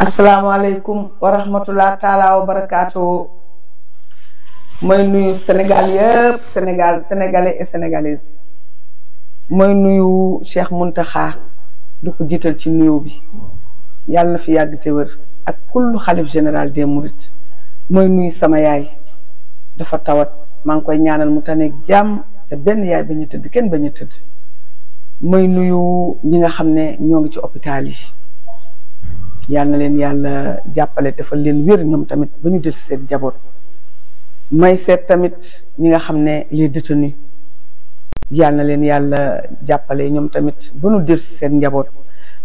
asalaamaaleykum wa rahmatulah taalaa wa barakaatu mooy nuyu Sénégal yëpp Sénégal sénégalais et sénégalaises mooy nuyu Cheikh Mountakha du ko jiital ci nuyoo bi yàlla na fi yàgg te wër ak kullu xalif général des Mourides mooy nuyu sama yaay dafa tawat maa ngi koy ñaanal mu taneeg jàmm te benn yaay ba tëdd kenn ba tëdd mooy nuyu ñi nga xam ne ñoo ngi ci hôpital yi. yàlla na leen yàlla jàppale defal leen wér ñoom tamit ba ñu del seen jaboot may seet tamit ñi nga xam ne les détenus yàlla leen yàlla jàppale ñoom tamit ba ñu seen njaboot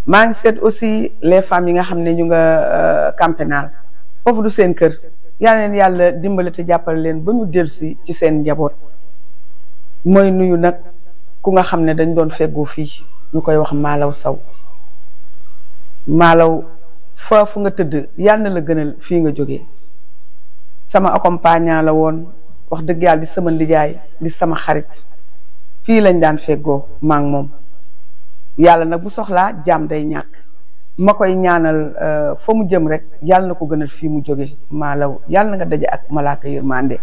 maa seet aussi les femmes yi nga xam ne ñu nga euh, camp foofu du seen kër yàlla leen yàlla dimbale te jàppale leen ba ñu dellusi ci seen njaboot mooy nuyu nag ku nga xam ne dañ doon fegoo fii ñu koy wax maalaw saw maalaw foofu nga tëdd yàlla na la gënal fii nga jóge sama accompagnant la woon wax dëgg yàlla di sama ndijaay di sama xarit fii lañ daan feggoo maa moom yàlla nag bu soxlaa jaam day ñàkk ma koy ñaanal euh, fa mu jëm rek yàlla na ko gënal fii mu jóge maa law yàlla nga daje ak malaaka yërmande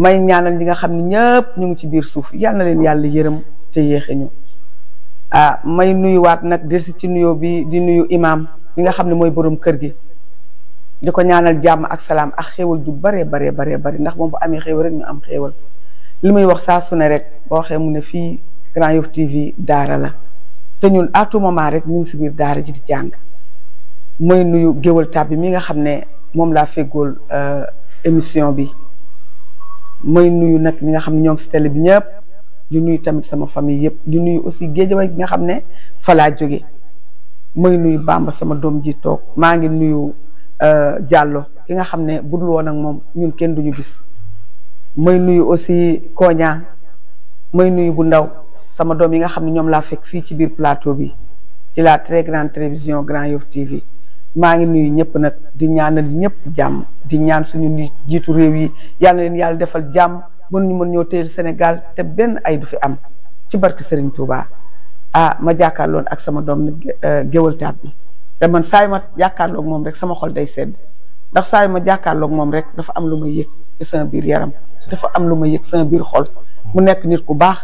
may ñaanal ñi nga xam ne ñëpp ñu ngi ci biir suuf yàlla na leen yàlla yërëm te yéexe ñu ah may nuyuwaat nag delsi ci nuyoo bi di nuyu imaam yi nga xam ne mooy boroom kër gi di ko ñaanal jàmm ak salaam ak xéewal ju baree baree baree bari ndax moom bu amee xéewal rek ñu am xéewal li muy wax saa su ne rek boo waxee mu ne fii Grand Yoff TV daara la te ñun à tout moment rek ñu ngi si biir daara ji di jàng mooy nuyu géwal tab bi mi nga xam ne moom laa feggool euh, émission bi mooy nuyu nag ñi nga xam ne ñoom ngi si télé bi ñëpp di nuyu tamit sama famille yëpp du nuyu aussi géejawaay bi nga xam ne fa laa jóge may nuyu Bamba sama doom ji toog maa ngi nuyu euh, Diallo ki nga xam ne bu dul woon ak moom ñun kenn duñu gis may nuyu aussi Koña may nuyu bu ndaw sama doom yi nga xam ne ñoom laa fekk fii ci biir plateau bi ci la très grande télévision Grand Yoff TV maa ngi nuyu ñëpp nag di ñaanal ñëpp jàmm di ñaan suñu jiitu réew yi yàlla na leen yàlla defal jàmm mënuñu mën ñoo téyel Sénégal te benn ay du fi am ci barke Serigne Touba. ah ma jàkkaarloon ak sama doom nag géwal taat bi te man saa yu ma jàkkaarloog moom rek sama xol day sedd ndax saa yu ma jàkkaarloog moom rek dafa am lu ma ci sama biir yaram dafa am lu ma sama biir xol mu nekk nit ku baax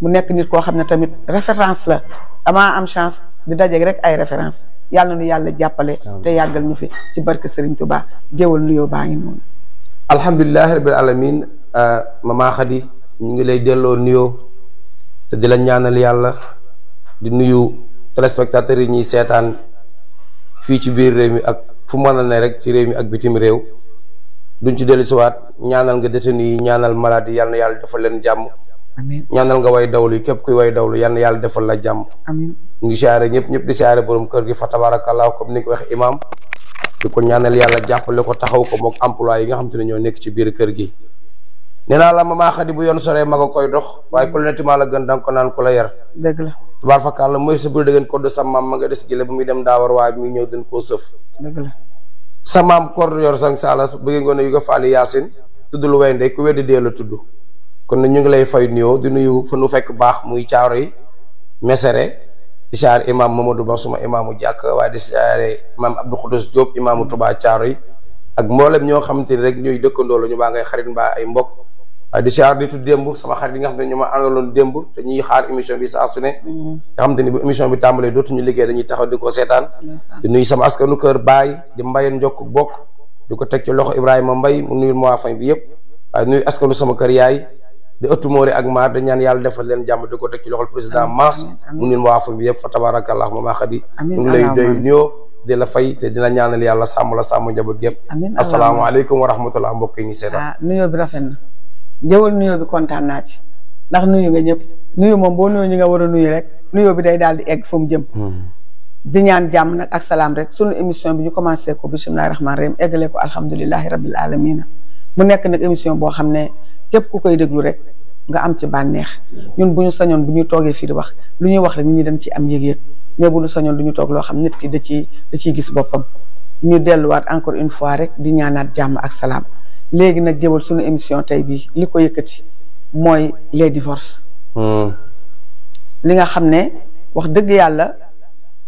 mu nekk nit koo xam tamit référence la amaa am chance di dajeeg rek ay référence yàlla nu yàlla jàppale te yàggal ñu fi ci barke Serigne Touba géwal nuyoo baa ngi noonu rabbil alamin Mama Khady ñu ngi lay delloo nuyoo te di la ñaanal yàlla di nuyu téléspectateur yi ñi sétane fi ci biir réew mi ak fu mëna né rek ci réew mi ak bitim réew duñ ci ci siwaat ñaanal nga détenu yi ñaanal malade yalla yalla na yàlla defal leen jàmm ñaanal nga way dawlu kep kuy way dawlu yalla yalla yàlla defal la jamm amin ngi siyaare ñep ñep di siyaare borom kër gi fa comme ni ko wax imam di ko ñaanal yalla jappalé ko taxaw ko mok emploi yi nga xam ñoo nekk ci biir kër gi la mama khadi bu yoon soree mako koy dox way ku la gën ko yar deug la tubaar fakkaar la mooy sa bur dëggeen corde sa maam ma nga des gile bu muy dem daa war waaye muy ñëw dañ koo sëf sa maam corde yor sang saalas bëgg ngoon yu ko faali yaasin tudd lu way ndey ku weddi dee la tudd kon na ñu ngi lay fay nuyoo di nuyu fa nu fekk baax muy caaro yi mesere di siyaare imam Mamadou Ba suma imaamu jàkk waaye di siyaare imam Abdou Khoudous Diop imaamu Touba Thiaroy ak mboolem ñoo xamante ni rek ñuy dëkkandoo la ñu baa ngay xarit mbaa ay mbokk waaye di siyaar nitu dembu sama xarit bi nga xamne ñuma ne dembu ma te ñi xaar émission bi sa su ne mm-hmm. nga xam ni bu émission bi dootu ñu liggé dañuy taxaw di ko di nuyu sama askanu kër bay di mbayen jokk bok di tek ci loxo Ibrahima Mbay mu nuyu mo fañ bi yépp nuyu askanu sama kër yaay di ëttu moori ak maar di ñaan yalla defal leen jamm di tek ci loxo président Mass mu nuyu mo fañ bi yépp fa tabarakallah ma xadi ñu lay doy nuyoo di la fay te dina ñaanal yalla sàmm la sàmm njaboot assalamu alaykum wa rahmatullah mbokk yi ah, bi rafet na jëwal nuyoo bi kontaan naa ci ndax nuyu nga ñëpp nuyu moom boo nuyoo ñi nga war a nuyu rek nuyoo bi day daal di egg fa mu jëm. Hmm. di ñaan jàmm nag ak salaam rek sunu émission bi ñu commencé ko bisimilah rahmaani rahim eggalee ko alhamdulilah rabil aalamiina mu nekk nag émission boo xam ne képp ku koy déglu rek nga am ci bànneex ñun bu ñu sañoon bu ñu toogee fii di wax lu ñuy wax rek ñu ñi dañ ci am yëg-yëg mais bu ñu sañoon du ñu toog loo xam nit ki da ciy ciy gis boppam ñu delluwaat encore une fois rek di ñaanaat jàmm ak salaam. léegi nag jëwal suñu émission tey bii li ko yëkkati mooy les divorces hmm. li nga xam ne wax dëgg yàlla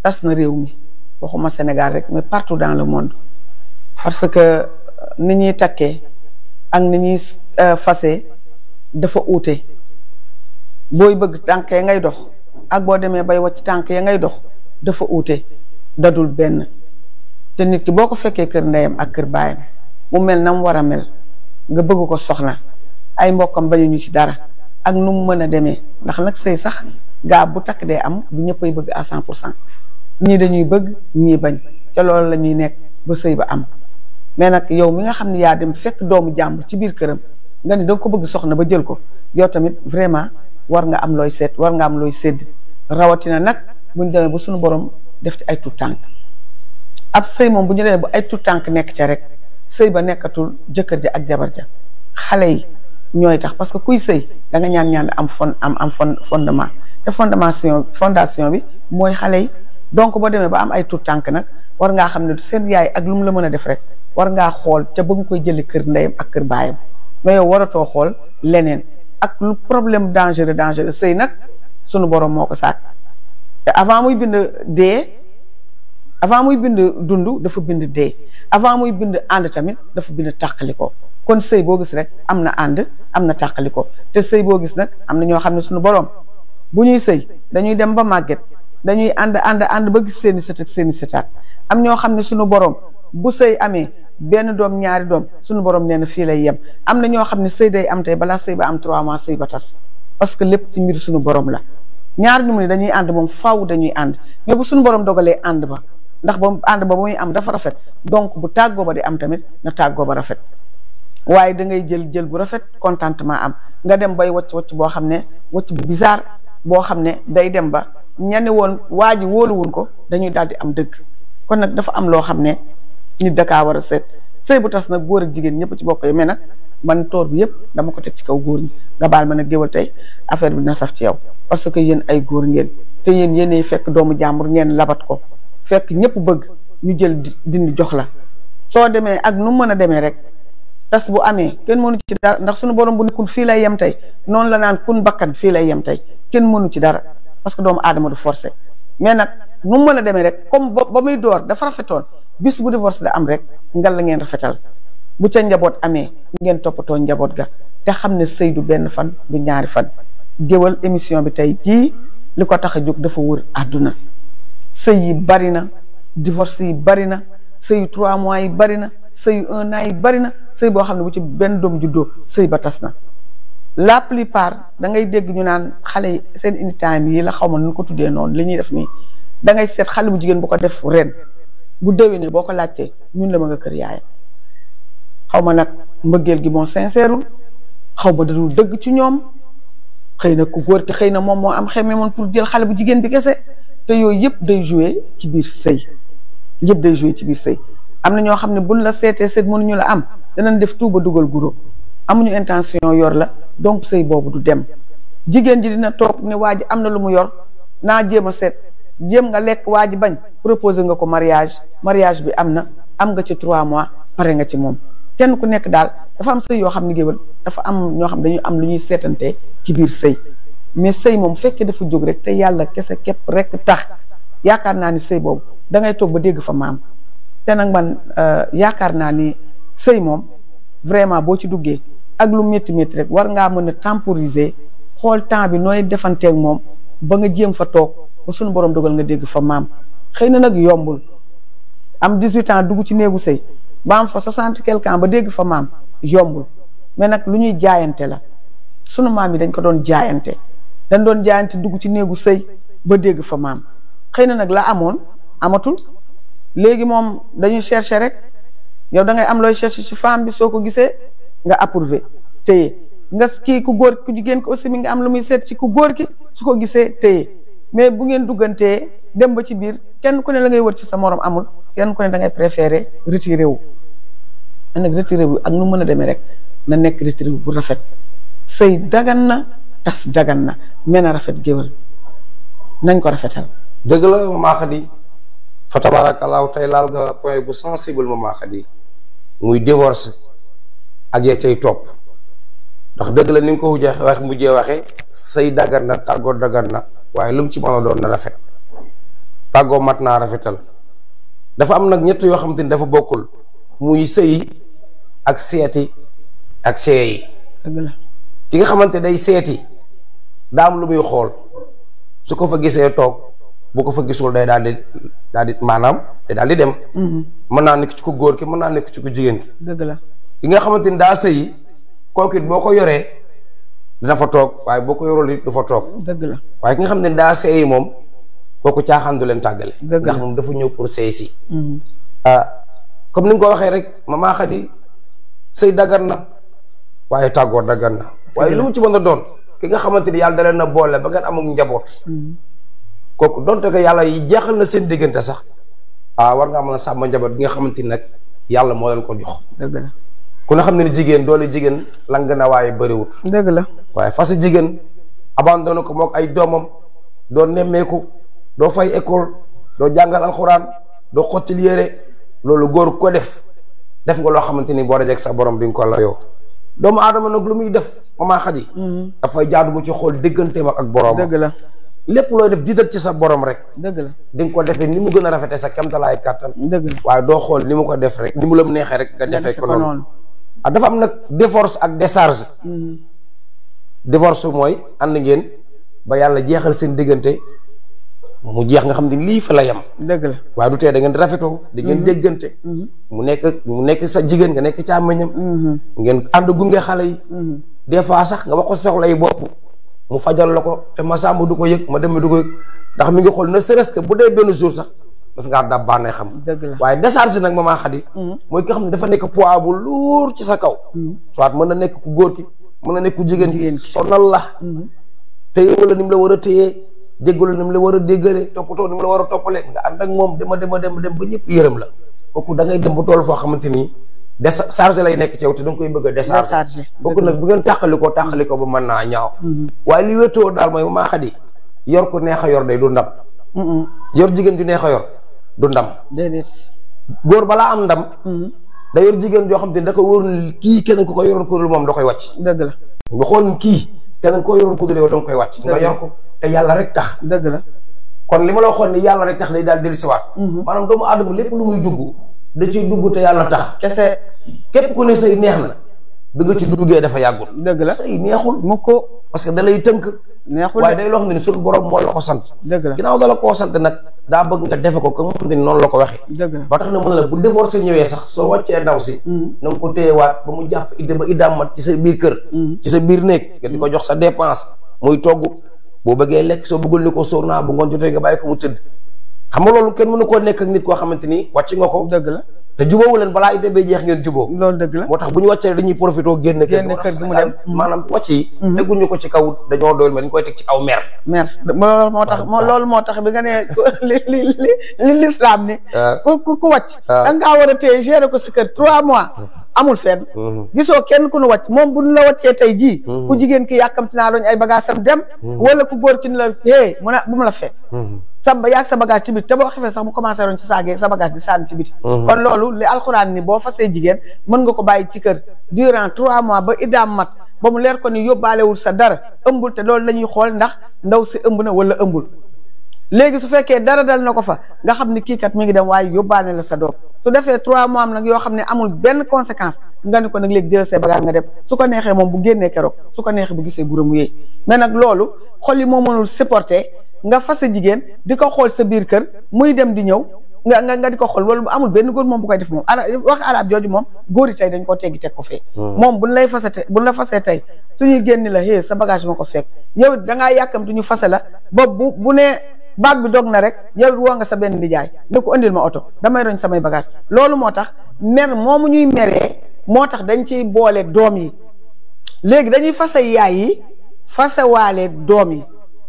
tas na réew mi waxuma Sénégal rek mais partout dans le monde parce que euh, ni ñuy takkee ak ni ñuy euh, fase dafa uute booy bëgg tànk ya ngay dox ak boo demee bay wàcc tànk ya ngay dox dafa uute dadul benn te nit ki boo ko fekkee kër ndeyam ak kër baayam mu mel na mu war a mel nga bëgg ko soxna ay mbokkam bañuñu ci dara ak nu mu mën a demee ndax nag sëy sax gaa bu takk dee am bu ñëppay bëgg à cent pour cent ñii dañuy bëgg ñi bañ ca loolu la ñuy nekk ba sëy ba am mais nag yow mi nga xam ne yaa dem fekk doomu jàmbur ci biir këram nga ne danga ko bëgg soxna ba jël ko yow tamit vraiment war nga am looy seet war nga am looy sédd rawatina nag bu ñu demee ba suñu borom def ci ay tout tànk ab sëy moom bu ñu demee ba ay tout tànk nekk ca rek sëy ba nekkatul jëkkër ja ak jabar ja xale yi ñooy tax parce que kuy sëy da nga ñaan ñaan am fond am am fondement te fondation fondation bi mooy xale yi donc boo demee ba am ay tout tànk nag war ngaa xam ne seen yaay ak lu mu la mën a def rek war ngaa xool ca ba nga koy jëlee kër ndeyam ak kër baayam mais yow waratoo xool leneen ak lu problème dangereux dangereux sëy nag sunu borom moo ko sàkk avant muy bind dee. avant muy bind dundu dafa bind dee avant muy bind ànd tamit dafa bind tàqaliko kon sëy boo gis rek am na ànd am na tàqaliko te sëy boo gis nag am na ñoo xam ne suñu boroom bu ñuy sëy dañuy dem ba màgget dañuy ànd ànd ànd ba gis seeni sët ak seeni sëtaat am ñoo xam ne suñu boroom bu sëy amee benn doom ñaari doom suñu boroom nee na fii lay yem am na ñoo xam ne sëy day am tey balaa sëy ba am trois mois sëy ba tas parce que lépp ci mbir suñu boroom la ñaar ñu mu ne dañuy ànd moom faw dañuy ànd mais bu suñu boroom dogalee ànd ba ndax ba ànd ba ba muy am dafa rafet donc bu tàggoo ba di am tamit na tàggoo ba rafet waaye da ngay jël jël bu rafet contentement am nga dem bay wocc wacc boo xam ne wacc bu bizarre boo xam ne day dem ba ñenn woon waa ji wóoluwun ko dañuy daal di am dëgg kon nag dafa am loo xam ne nit dakaa war a set sëy bu tas nag góor ak jigéen ñëpp ci bokk yi mais nag man toor bi yëpp dama ko teg ci kaw góor ñi nga baal ma nag géwal tey affaire bi dina saf ci yow parce que yéen ay góor ngeen te yéen yéenay fekk doomu jàmbur ngeen labat ko fekk ñëpp bëgg ñu jël dindi jox la soo demee ak nu mën a demee rek tas bu amee kenn mënu ci dara ndax suñu borom bu nekkul fii lay yem tey noonu la naan kun bakkan fii lay yem tey kenn mënu ci dara parce que doomu aadama du forcé mais nag nu mën a demee rek comme ba muy door dafa rafetoon bis bu divorce da am rek ngal la ngeen rafetal bu ca njaboot amee ngeen toppatoo njaboot ga te xam ne sëy du benn fan du ñaari fan géwal émission bi tey jii li ko tax a jóg dafa wër àdduna sëy yi bari na divorce yi bari na sëyu trois mois yi bari na sëyu un an yi bari na sëy boo xam ne bu ci benn doom juddoo sëy ba tas na la plupart da ngay dégg ñu naan xale yi seen indi time yi la xaw ma nu ko tuddee noonu li ñuy def nii dangay ngay seet xale bu jigéen bu ko def ren bu déwénee boo ko laajtee ñun la ma nga kër yaayam xaw ma nag mbëggeel gi moo sincèreul xaw ma dadul dëgg ci ñoom xëy na ku góor ki xëy na moom moo am xeme moon pour jël xale bu jigéen bi kese te yooyu yëpp day joué ci biir sëy yëpp day joué ci biir sëy am na ñoo xam ne buñ la seetee seet mënuñu la am danañ def tuuba dugal guro amuñu intention yor la donc sëy boobu du dem jigéen ji dina toog ne waa ji am na lu mu yor naa jéem a seet jéem nga lekk waa ji bañ proposé nga ko mariage mariage bi am na am nga ci trois mois pare nga ci moom kenn ku nekk daal dafa am sëy yoo xam ne géwél dafa am ñoo xam dañuy am lu ñuy seetante ci biir sëy mais sëy moom fekkee dafa jóg rek te yàlla kese képp rek tax yaakaar naa ni sëy boobu dangay toog ba dégg fa maam te nag man euh, yaakaar naa ni sëy moom vraiment boo ci duggee ak lu métti métti rek war ngaa mën a temporiser xool temps bi nooy defanteeg moom ba nga jéem fa toog ba suñu borom dogal nga dégg fa maam xëy na nag yombul am 18 ans dugg ci néegu sëy ba am fa 60 quelque ans ba dégg fa maam yombul mais nag lu ñuy jaayante la sunu maam yi dañ ko doon jaayante. dañ doon ci dugg ci néegu sëy ba dégg fa maam xëy na nag la amoon amatul léegi moom dañuy chercher rek yow da ngay am looy chercher ci femme bi soo ko gisee nga approuvé téye nga kii ku góor ku jigéen ko aussi mi nga am lu muy seet ci ku góor ki su ko gisee téye mais bu ngeen duggantee dem ba ci biir kenn ku ne la ngay wër ci sa morom amul kenn ku ne da ngay préféré retiré wu. nag retiré ak nu mën a demee rek na nekk retiré wu bu rafet sëy dagan tas dagan na mën a rafet géwël nañ ko rafetal dëgg la foto Khady fa tabaarakallaahu tey laal nga point bu sensible Mama Khady muy divorce ak ya cay topp ndax dëgg la ni nga ko wujjee wax mujjee waxe say dagan na tàggoo dagan na waaye lu mu ci mën a doon na rafet tàggoo mat naa rafetal dafa am nag ñett yoo xam te ni dafa bokkul muy sëyi ak seeti ak seeyi ki nga xamante day seeti daa am lu muy xool su ko fa gisee toog boo ko fa gisul day daal di daal di maanaam day daal di dem. Mm-hmm. mën naa nekk ci ko góor ki mën naa nekk ci ko jigéen ki. dëgg la yi nga xamante ni daa sëyi kooku it boo ko yoree dina fa toog waaye boo ko yorul du fa toog. dëgg la waaye ki nga xam ne daa sëyi moom kooku caaxaan du leen tàggale. dëgg la ndax dafa ñëw pour sëy si. Mm-hmm. Ah, comme ni nga ko waxee rek ma maman Khady sëy daggan na waaye tàggoor daggan na. waaye lu mu ci mën a doon. ki nga xamante ni yàlla da na a boole ba ngeen amul njaboot. kooku donte ko yàlla yi jeexal na seen diggante sax ah war nga mën a sàmm njaboot bi nga xamante ni nag yàlla moo leen ko jox. dëgg la ku ne xam ne ni jigéen doole jigéen lang na waaye bëriwut. dëgg la waaye fas jigéen abandonné ko moog ay doomam doo nemmeeku doo fay école doo jàngal alxuraan doo xotti yére loolu góor ko def def nga loo xamante ni boo dajee ak sa borom bi nga ko la yow xadi hmm. da fay jaadu bu ci deugante ba ak borom. deug la lepp loy def di ci sa borom rek. deug la ding ko defee ni mu gëna a sa kam talaay katan deug la way do xol ni mu ko def rek. ni mu la nexé rek nga defé ko non ah dafa am nak divorce ak décharge. Hmm. divorce moy and ngeen ba yalla jéxal seen deugante mu jeex nga xamni li fa la yam deug la wa du tee da ngeen rafeto di ngeen hmm. deggante mu nek mu nek sa jigen nga ci amagnam ngeen ànd gunge xale yi. des fois sax nga wax ko soxla yi bopp mu fajal la ko te ma sàmm du ko yëg ma dem du ko yëg ndax mi ngi xool na serait-ce bu dee benn jour sax parce que ngaa dab baa xam. dëgg la waaye décharge nag maman Khady. Mm-hmm. mooy ki nga xam ne dafa nekk poids bu lourd ci sa kaw. Mm-hmm. soit mën na nekk ku góor ki mën na nekk ku jigéen ki sonal la. Mm-hmm. te wala ni mu la war a téye déggalu ni mu la war a déggalee toppatoo ni mu la war a toppalee nga ànd ak moom dama dama dem dem ba ñëpp yërëm la kooku da ngay dem ba tool foo xamante ni. décharge lay nekk ci yow te da nga koy bëgg a décharge bokk nag bu ngeen tàqali ko tàqali ko ba man naa ñaaw mm-hmm. waaye li wétoo daal mooy maa xadi yor ko neex yor day du ndam mm-hmm. yor jigéen ju neex a yor du ndam déedéet góor balaa am ndam mm-hmm. da yor jigéen joo xam ne da ko kii keneen ku ko yoroon ku dul moom da koy wàcc dëgg la xool kii keneen koo yoroon ku dul yow koy wàcc nga yor ko te yàlla rek tax dëgg la kon li ma la waxoon ni yàlla rek tax day daal dellusiwaat maanaam doomu aadama lépp lu muy da ciy dugg te yàlla tax. kese képp ku ne say neex na. bi nga ci duggee dafa yàggul. dëgg la say neexul. mu ko parce que da lay tënk. neexul waaye day loo ne suñu borom moo la ko sant. dëgg la ginnaaw koo sant nag. daa bëgg nga defe ko comme xam ne noonu la ko waxee. dëgg la na mën la bu divorce ñëwee sax soo wàccee ndaw si. Mm. na nga ko téyewaat ba mu jàpp idda ba iddaam mat ci sa biir kër. Mm. ci sa biir néeg nga di ko jox sa dépense. muy togg boo bëggee lekk soo bëggul ni ko sóor naa bu ngoon jotee nga bàyyi ko mu tëdd xam nga loolu kenn mënu koo nekk ak nit koo xamante ni wàcc nga ko. dëgg la te jubóowu leen balaa ite bay jeex ngeen jubóo. loolu dëgg la moo tax bu ñu wàccee dañuy profité génn. génn kër gi mu dem maanaam wàcc yi. Mm-hmm. Mm-hmm. teguñu ko ci kaw dañoo doyul ma dañu koy teg ci aw mer. mer loolu moo tax loolu moo tax bi nga ne li li li lislaam ni ku ku wàcc. da ngaa war a téye gérer ko sa kër trois mois. Mm-hmm. amul fenn mhm. gisoo kenn ku nu wàcc moom bu ñu la wàccee tey jii mhm. ku jigéen ki yàkkamti naa doon ay bagage sam dem mhm. wala ku góor ki ni la hee bu mu la fekk sa yaag sa bagage ci biti te boo xefee sax mu commencé roon ci saagee sa bagage di sànni ci biti kon loolu li alxuraan ni boo fasee jigéen mën nga ko bàyyi ci kër durant trois mois ba iddaam mat ba mu leer ko ni yóbbaalewul sa dara ëmbul te loolu la ñuy xool ndax ndaw si ëmb na wala ëmbul léegi su fekkee dara dal na ko fa nga xam ni kii kat mi ngi dem waaye yóbbaale la sa doom su defee trois mois am nag yoo xam ne amul benn conséquence nga ni ko nag léegi jël say bagage nga dem su ko neexee moom bu génnee keroog su ko neexee bu gisee guro mu yëy mais nag loolu xol yi moo mënul supporter nga fas sa jigéen di ko xool sa biir kër muy dem di ñëw nga nga nga di ko xool loolu amul benn góor moom bu koy def moom ala wax alaab jooju moom góor yi tey dañ koo teggi teg ko fee. Hmm. moom bu buñ lay fase tey buñ la fasee tey suñuy génn la hé sa bagage ma ko fekk yow dangaa yàkkamtu ñu fase la ba bu bu nee baat bi dog na rek yow woo nga sa benn nijaay ne ko indil ma oto damay roñ samay bagage loolu moo tax mer moomu ñuy meree moo tax dañ ciy boole doom yi léegi dañuy fase yaay yi fase doom yi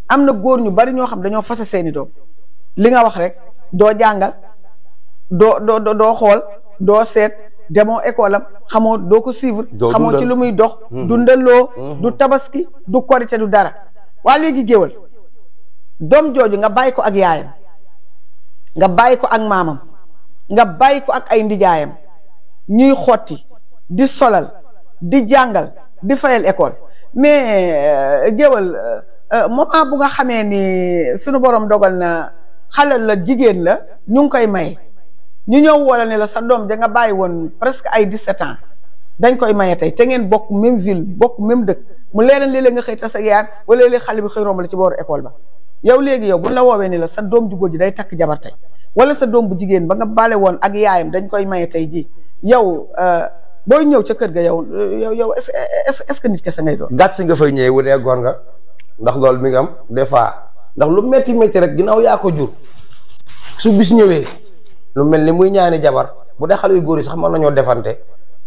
am na góor ñu bari ñoo xam dañoo fase seeni doom li nga wax rek doo jàngal doo doo doo xool doo seet demoo école am xamoo doo ko suivre xamoo ci lu muy dox mm-hmm. dundaloo du mm-hmm. tabaski du korite du dara waa léegi géwal doom jooju nga bàyyi ko ak yaayam nga bàyyi ko ak maamam nga bàyyi ko ak ay ndijaayam ñuy xotti di solal di jàngal di fayal école mais euh, géwal euh, euh, moment bu nga xamee ni sunu borom dogal na xalal la jigéen la ñu ngi koy maye ñu ñëw wala ne la sa doom ja nga bàyyi woon presque ay 17 ans dañ koy maye tey te ngeen bokk même ville bokk même dëkk mu leeral léeg nga xëy tas ak yaar wala léeg-léeg xale bi xëy romb la ci booru école ba. yow léegi yow bu la woowee ni la sa doom ju góor ji day takk jabar tey wala sa doom bu jigéen ba nga bale woon ak yaayam dañ koy maye tey jii yow euh, booy ñëw ca kër ga yow yow yow est-ce que nit ngay doon. gàtt si nga fay ñëwee wutee góor nga ndax loolu mi ngi am des fois ndax lu metti metti rek ginnaaw yaa ko jur su bis ñëwee lu mel ni muy ñaani jabar bu dee xale yu góor yi sax mën nañoo defante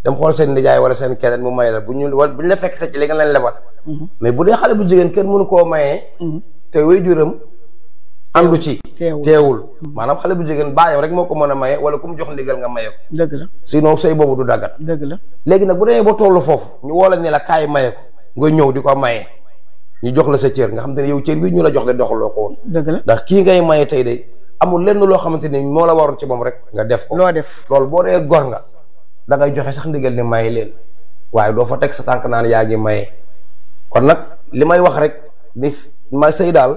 dem xool seen nijaay wala seen keneen mu maye la bu ñu bu ñ la fekk sa ci li lebal mm-hmm. mais bu dee xale bu jigéen kenn mënu koo mayee. Mm-hmm. te waajuram andu ci teewul hmm. maanaam xale bu jigéen baayam rek moo ko mën a maye wala ku mu jox ndigal nga maye ko dëgg la sinon sëy boobu du daggat dëgg la léegi nag bu demee ba tollu foofu ñu woo la ne la kaay maye ko nga ñëw di ko maye ñu jox la sa cër nga xam te ne yow cër bi ñu la jox de doxaloo ko woon dëgg la ndax kii ngay maye tey de amul lenn loo xamante ni moo la waroon ci moom rek nga def ko loo def loolu boo dee gor nga da ngay joxe sax ndigal ne maye leen waaye doo fa teg sa tànk naan yaa ngi maye kon nag li may wax rek ni ma sëy daal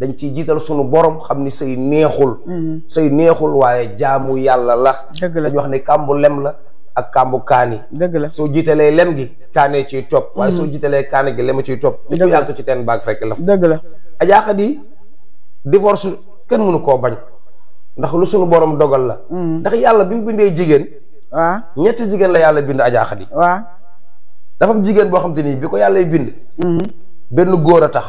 dañ ciy jiital sunu boroom xam ni sëy neexul mm-hmm. sëy neexul waaye jaamu yàlla la dañu wax ni kàmbu lem la ak kàmbu kaani dëgg la soo jiitalee lem gi kaanee ciy topp mm-hmm. waaye soo jiitalee kaani gi lema ciy topp ñu yàgg ci teen baag fekk la dëgg la Adja Khady divorce kenn mënu koo bañ ndax lu sunu boroom dogal la mm-hmm. ndax yàlla bi mu bindee jigéen waaw ñetti jigéen la yàlla bind Adja Khady waaw dafa jigéen boo xam te bi ko yàllay bind benn góor a tax.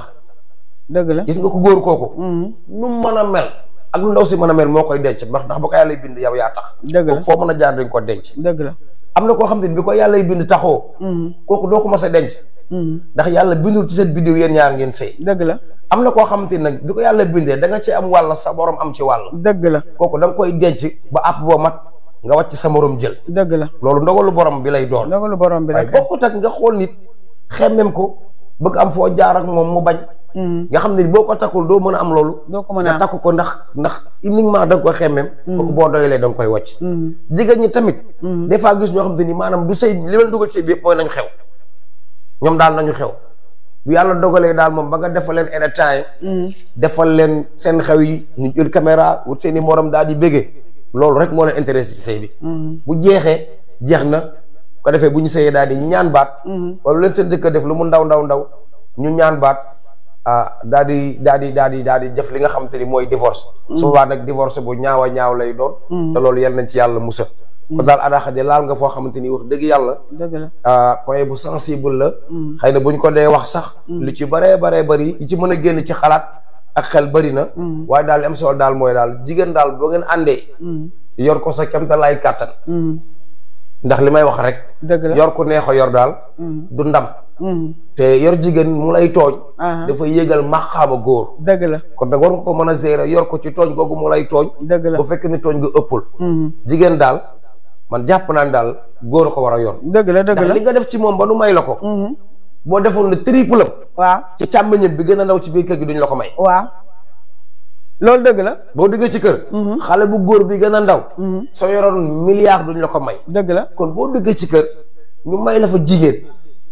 dëgg la gis nga ko góor kooku. Mm-hmm. nu mën a mel. ak lu ndaw si mën a mel moo koy denc ndax ba ko yàlla bind yow yaa tax. dëgg la foo mën a jaar dañ ko denc. dëgg la am na koo xam ne bi ko yàlla bind taxoo. Mm-hmm. kooku doo ko mas a denc. Mm-hmm. ndax yàlla bindul ci seen biddiw yéen ñaar ngeen sëy. dëgg la am na koo xamante ni nag bi yàlla bindee da nga am wàll sa borom am ci wàll. dëgg la kooku da koy denc ba àpp boo mat nga wàcc sa moroom jël. dëgg la loolu ndogalu borom bi lay doon. ndogalu borom bi lay doon waaye bokkut ak nga xool nit xemmem ko. bëgg am foo jaar ak moom mu bañ. Mm. nga xam ne boo ko takkul doo mën a am loolu. doo ko mën a am nga takk ko ndax ndax uniquement ma danga koy xemmeem. Mm. kooku boo doyalee da koy wàcc. Mm. jigéen ñi tamit. des fois gis ñoo xam ne ni maanaam du sëy li leen dugal sëy bi yëpp mooy nañu xew. ñoom daal nañu xew bu yàlla dogalee daal moom ba nga defal leen entertainment. defal leen seen xew yi ñu jël caméra wut seen i morom daal di béggee loolu rek moo leen intéressé ci sëy bi. bu jeexee jeex na. bu ko defee bu ñu sëyee daal di ñaan baat. Mhm. wala leen def lu mu ndaw ndaw ndaw ñu ñaan baat ah daal di daal di daal di daal di def li nga xam ni mooy divorce. Mhm. su boobaa nag divorce bu ñaaw a ñaaw lay doon. Mhm. loolu yal nañ ci yàlla musa. kon daal adaaxa laal nga foo xamante ni wax dëgg yàlla. dëgg la ah, point bu la. xëy na bu ko dee wax sax. lu ci baree baree bari yi ci mën a génn ci xalaat ak xel bari na. waaye daal li am solo daal mooy daal jigéen daal boo ngeen àndee. yor ko sa kemtalaay kàttan. ndax li may wax rek. dëgg la yor ku neexo yor daal. Mm-hmm. du ndam. Mm-hmm. te yor jigéen mu lay tooñ. Uh-huh. dafa yégal maxaama góor. dëgg la kon nag war nga ko mën a gérer yor ko ci tooñ googu mu lay tooñ. dëgg la bu fekk ni tooñ nga ëppul. Mm-hmm. jigéen daal man jàpp naa daal góor a ko war a yor. dëgg la dëgg la li nga def ci moom ba nu may la ko. boo defoon ne triple am. ci càmmiñam bi gën a ndaw ci biir kër gi duñ la ko may. waaw. loolu dëgg la boo duggee ci kër mhm. xale bu góor bi gën a ndaw mhm. soo yoroon milliard duñu la ko may dëgg la kon boo duggee ci kër ñu may la fa jigéen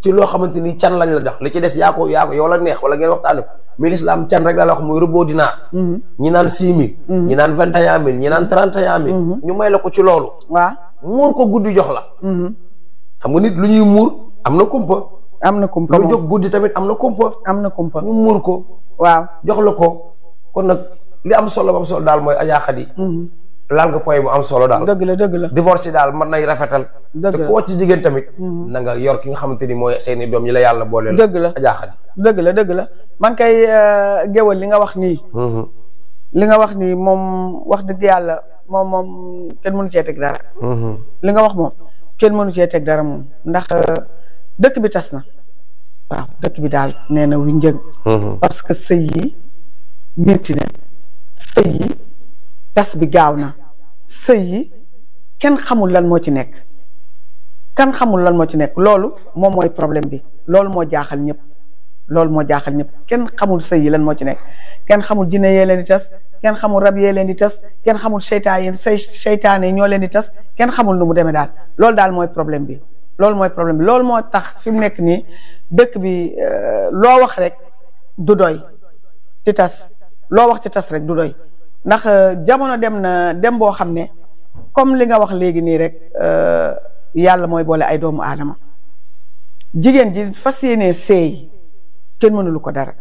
ci loo xamante ni can lañ la jox li ci des yaa ko yaa ko yow la neex wala ngeen waxtaane ko mais l'islam can rek la la wax muy rëboo dinaar mhm. ñi naan sii mille ñi naan vingt et un mille ñi naan trente et un mille ñu may la ko ci loolu waaw muur ko guddi jox la xam nga nit lu ñuy muur am na kumpa am na kumpa lu jóg guddi tamit am na kumpa am na kumpa ñu muur ko waaw jox la ko kon li am solo am solo dal moy aya Khady. Mhm. lal nga point bu am solo dal, deug la deug la divorce dal man nay rafetal. te ko ci jigen tamit. Mhm. na nga yor ki nga xamanteni moy seeni dom yi la yalla bolel deug la aya Khady. deug la deug la man kay euh, geewal li nga wax ni mhm. li nga wax ni mom wax deug yalla mom mom ken mënu ci tek dara. li nga wax mom ken mënu ci tek dara mom ndax euh, dëkk bi tasna waaw bi dal neena jeug parce que yi na. sëy yi tas bi gaaw na sëy yi kenn xamul lan moo ci nekk kenn xamul lan moo ci nekk loolu moom mooy problème bi loolu moo jaaxal ñëpp loolu moo jaaxal ñëpp kenn xamul sëy yi lan moo ci nekk kenn xamul jinne yee leen di tas kenn xamul rab yee leen di tas kenn xamul seytaan yi say seytaane yi ñoo leen di tas kenn xamul nu mu demee daal loolu daal mooy problème bi loolu mooy problème bi loolu moo tax fi mu nekk nii dëkk bi euh, loo wax rek du doy di tas loo wax ci tas rek du doy ndax euh, jamono dem na dem boo xam ne comme li nga wax léegi nii rek euh, yàlla mooy boole ay doomu aadama jigéen ji fas yéenee seey kenn mënulu ko dara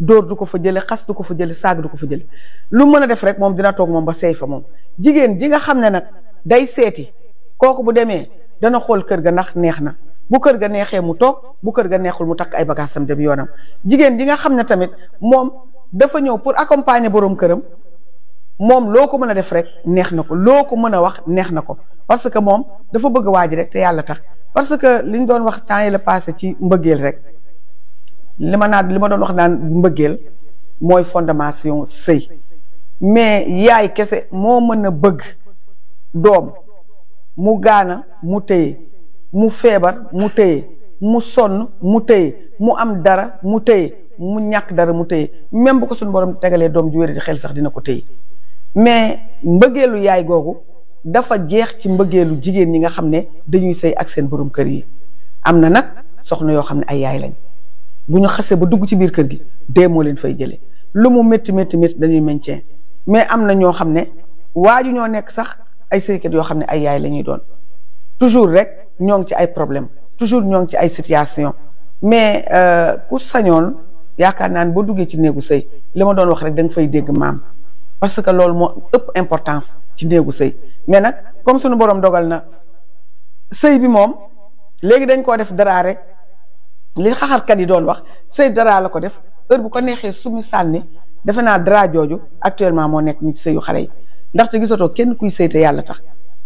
dóor du ko fa jële xas ko fa jële saag ko fa jële lu mën a def rek moom dina toog moom ba seey fa moom jigéen ji nga xam ne nag day seeti kooku bu demee dana xool kër ga ndax neex na bu kër ga neexee mu toog bu kër ga neexul mu takk ay bagaasam dem yoonam jigéen ji nga xam ne tamit moom dafa ñëw pour accompagner borom këram moom loo ko mën a def rek neex na ko loo ko mën a wax neex na ko parce que moom dafa bëgg waa ji rek te yàlla tax parce que li ñu doon wax temps yi la passé ci mbëggeel rek li ma naat li ma doon wax naan mbëggeel mooy fondation sëy mais yaay kese moo mën a bëgg doom mu gaana mu téye mu feebar mu téye mu sonn mu téye mu am dara mu téye mu ñàkk dara mu téye même bu ko suñu borom tegalee doom ju wér di xel sax dina ko téye mais mbëggeelu yaay googu dafa jeex ci mbëggeelu jigéen ñi nga xam ne dañuy sëy ak seen borom kër yi am na nag soxna yoo xam ne ay yaay lañ bu ñu xasee ba dugg ci biir kër gi dee leen fay jëlee lu mu métti métti dañuy maintien mais am na ñoo xam ne waaju ñoo nekk sax ay sëykat yoo xam ne ay yaay la ñuy doon toujours rek ñoo ngi ci ay problème toujours ñoo ngi ci ay situation mais euh, ku sañoon yaakaar naa ne boo duggee ci néegu sëy li ma doon wax rek da fay dégg maam parce que loolu moo ëpp importance ci néegu sëy mais nag comme suñu borom dogal na sëy bi moom léegi dañ koo def dara rek li xaxarkat yi doon wax sëy dara la ko def heure bu ko neexee sumi sànni defe naa dara jooju actuellement moo nekk nit sëyu xale yi ndaxte gisatoo kenn kuy sëy te yàlla tax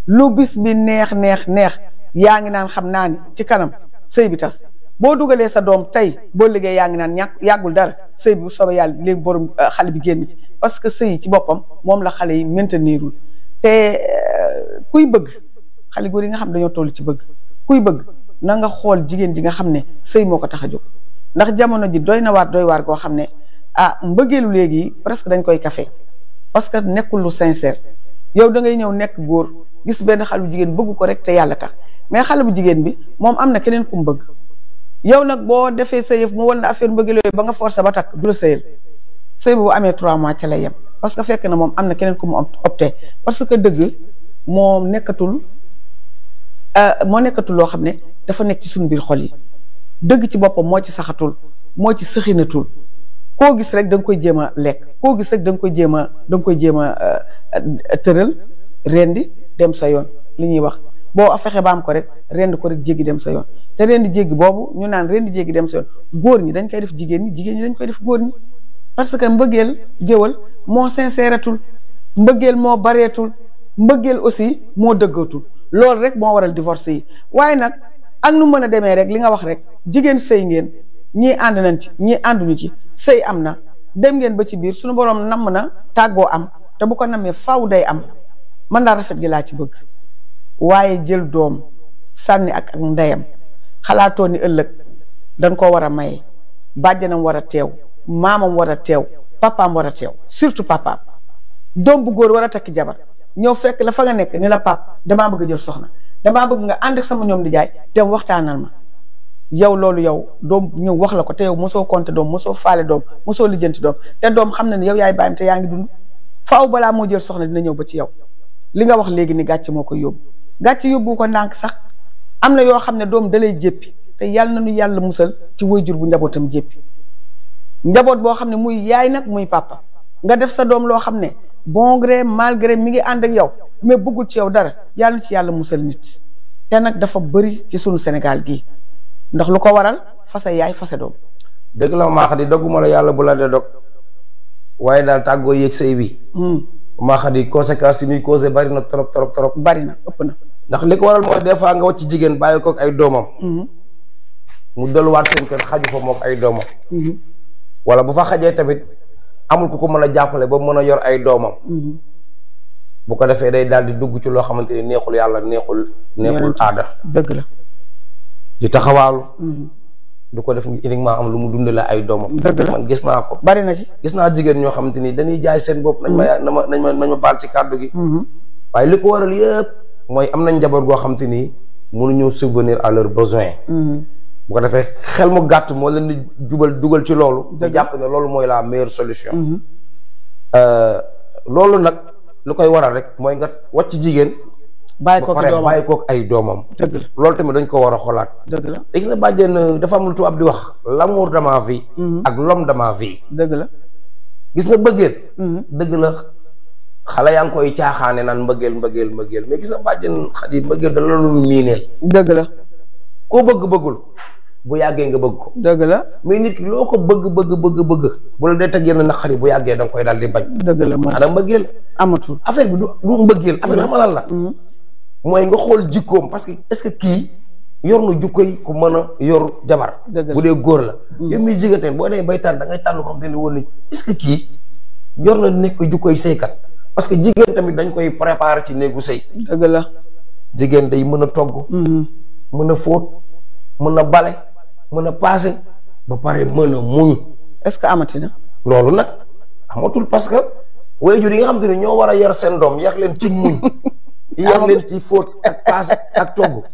lu gis bi neex neex neex yaa ngi naan xam naa ci kanam sëy bi tas boo dugalee sa doom tey boo liggéey yaa ngi naan ñàkk yàggul dara sëy bu soobee yàlla léegi borom euh, xale bi génn ci parce que sëy ci boppam moom la xale yi maintenirul te euh, kuy bëgg xale góor yi nga xam dañoo toll ci bëgg kuy bëgg na nga xool jigéen ji nga xam ne sëy moo ko tax a jóg ndax jamono ji doy na waar doy waar koo xam ne ah mbëggeelu léegi presque dañ koy kafe parce que nekkul lu sincère yow da ngay ñëw nekk góor gis benn xale bu jigéen bëgg ko rek te yàlla tax mais xale bu jigéen bi moom am na keneen ku bëgg yow nag boo defee sa yëf mu wan la affaire mbëggeel yooyu ba nga forcé ba takk du la sëyal sëy boo amee trois mois lay yem parce que fekk na moom am na keneen ku mu opté parce que dëgg moo nekkatul euh, moo nekkatul loo xam ne dafa nekk ci suñ biir xol yi dëgg ci boppam moo ci saxatul moo ci sëxinatul koo gis rek da nga koy jéem a lekk koo gis rek da nga koy jéem a da koy jéem a euh, tëral rendi dem sa yoon li ñuy wax boo fexe ba ko rek rend ko rek jéggi dem sa yoon te rend jéggi boobu ñu naan rend jéggi dem sa yoon góor ñi dañ koy def jigéen ñi jigéen ñi dañ koy def góor ñi parce que mbëggeel géwal moo sincératul mbëggeel moo bareetul mbëggeel aussi moo dëggatul loolu rek moo waral divorce yi waaye nag ak nu mën a demee rek li nga wax rek jigéen sëy ngeen ñii ànd nañ ci ñii ànduñu ci sëy am na dem ngeen ba ci biir suñu boroom namm na tàggoo am te bu ko nammee faw day am man daal rafet gi laa ci bëgg waaye jël doom sànni ak ak ndeyam xalaatoo ni ëllëg dañ koo war a maye bàjjanam war a teew maamam war a teew papaam war a teew surtout papaam doom bu góor war a takki jabar ñëw fekk la fa nga nekk ni la pap damaa bëgg a jël soxna damaa bëgg nga ànd sama ñoom di jaay dem waxtaanal ma yow loolu yow doom ñëw wax la ko te yow mosoo compté doom mosoo faale doom mosoo lijjanti doom te doom xam na ne yow yaay bàyyam te yaa ngi dund faaw balaa moo jël soxna dina ñëw ba ci yow li nga wax léegi ni gàcc moo ko yóbbu gàcc yóbbu ko ndànk sax am na yoo xam ne doom dalay jéppi te yàlla na nu yàlla musal ci jur bu njabootam jéppi njaboot boo xam ne muy yaay nag muy pàppa nga def sa doom loo xam ne bon gré mal mi ngi ànd ak yow mais bëggul ci yow dara yàlla na ci yàlla musal nit te nag dafa bari ci sunu Sénégal gi ndax lu ko waral fase yaay fase doom dëgg la maax di dogguma la yàlla bu la de dog waaye daal tàggoo yéeg sëy bi hmm. maa xam ni conséquences yi muy causé bari na trop trop trop. bari ëpp na. ndax li ko waral mooy des fois nga wàcc ci jigéen bàyyi ko ay doomam. Mm-hmm. mu delluwaat seen kër xaju fa ay doomam. Mm-hmm. bu fa xajee tamit amul ko ko mën a jàppale ba mën a yor ay doomam. Mm-hmm. bu ko defee day daal di dugg ci loo xamante ni neexul yàlla neexul. neexul aada dëgg la. di taxawaalu. du ko def uniquement am lu mu dund la ay doomam. man gis naa ko. bari na ci gis naa jigéen ñoo xamante ni dañuy jaay seen bopp. nañ ma mm-hmm. nañ ma nañ ma nañ ma baal ci kàddu gi. Mm-hmm. waaye li ko waral yëpp mooy am nañ njaboot goo xamante ni mënuñoo subvenir à leurs besoins. Mm-hmm. bu ko defee xel mu gàtt moo leen di jubal dugal ci loolu. di jàpp ne loolu mooy la meilleure solution. Euh, loolu nag lu koy waral rek mooy nga wàcc jigéen. bàyyi koog doomam bàyyi koog ay doomam. dëgg la loolu tamit dañ koo war a xoolaat. dëgg la te gis dafa am lu tubaab di wax l'amour de ma mhm. ak l'homme de ma dëgg la gis nga bëggeel. Mhm. dëgg la xale yaa ngi koy caaxaane naan mbëggeel mbëggeel mbëggeel mais gis nga bàjjen xadi dëgg la bëgg bëggul. bu yàggee nga bëgg ko. dëgg la mais nit ki loo ko bëgg bëgg bëgg bëgg. bu la dee teg yenn naqari bu yàggee da nga koy daal di bañ. dëgg la man xanaa mbëggeel. amatul affaire bi du du mbëggeel affaire xam la. Mhm. mooy nga xool jikkoom parce que est-ce que kii yor na jukkoy ku mën a yor jabar bu dee góor la mm. yow muy jigéen boo nee bay tànn da ngay tànn ko xam te ne woon ni est-ce que kii yor na nekk jukkoy sëykat parce que jigéen tamit dañ koy préparer ci néegu sëy dëgg la jigéen day mën a togg mm-hmm. mën a fóot mën a bale mën a paase ba pare mën a muñ est-ce que amati na loolu nag amatul parce que waajur yi nga xam te ne ñoo war a yar seen doom yar leen ci muñ yam leen ci fóot ak paas ak togg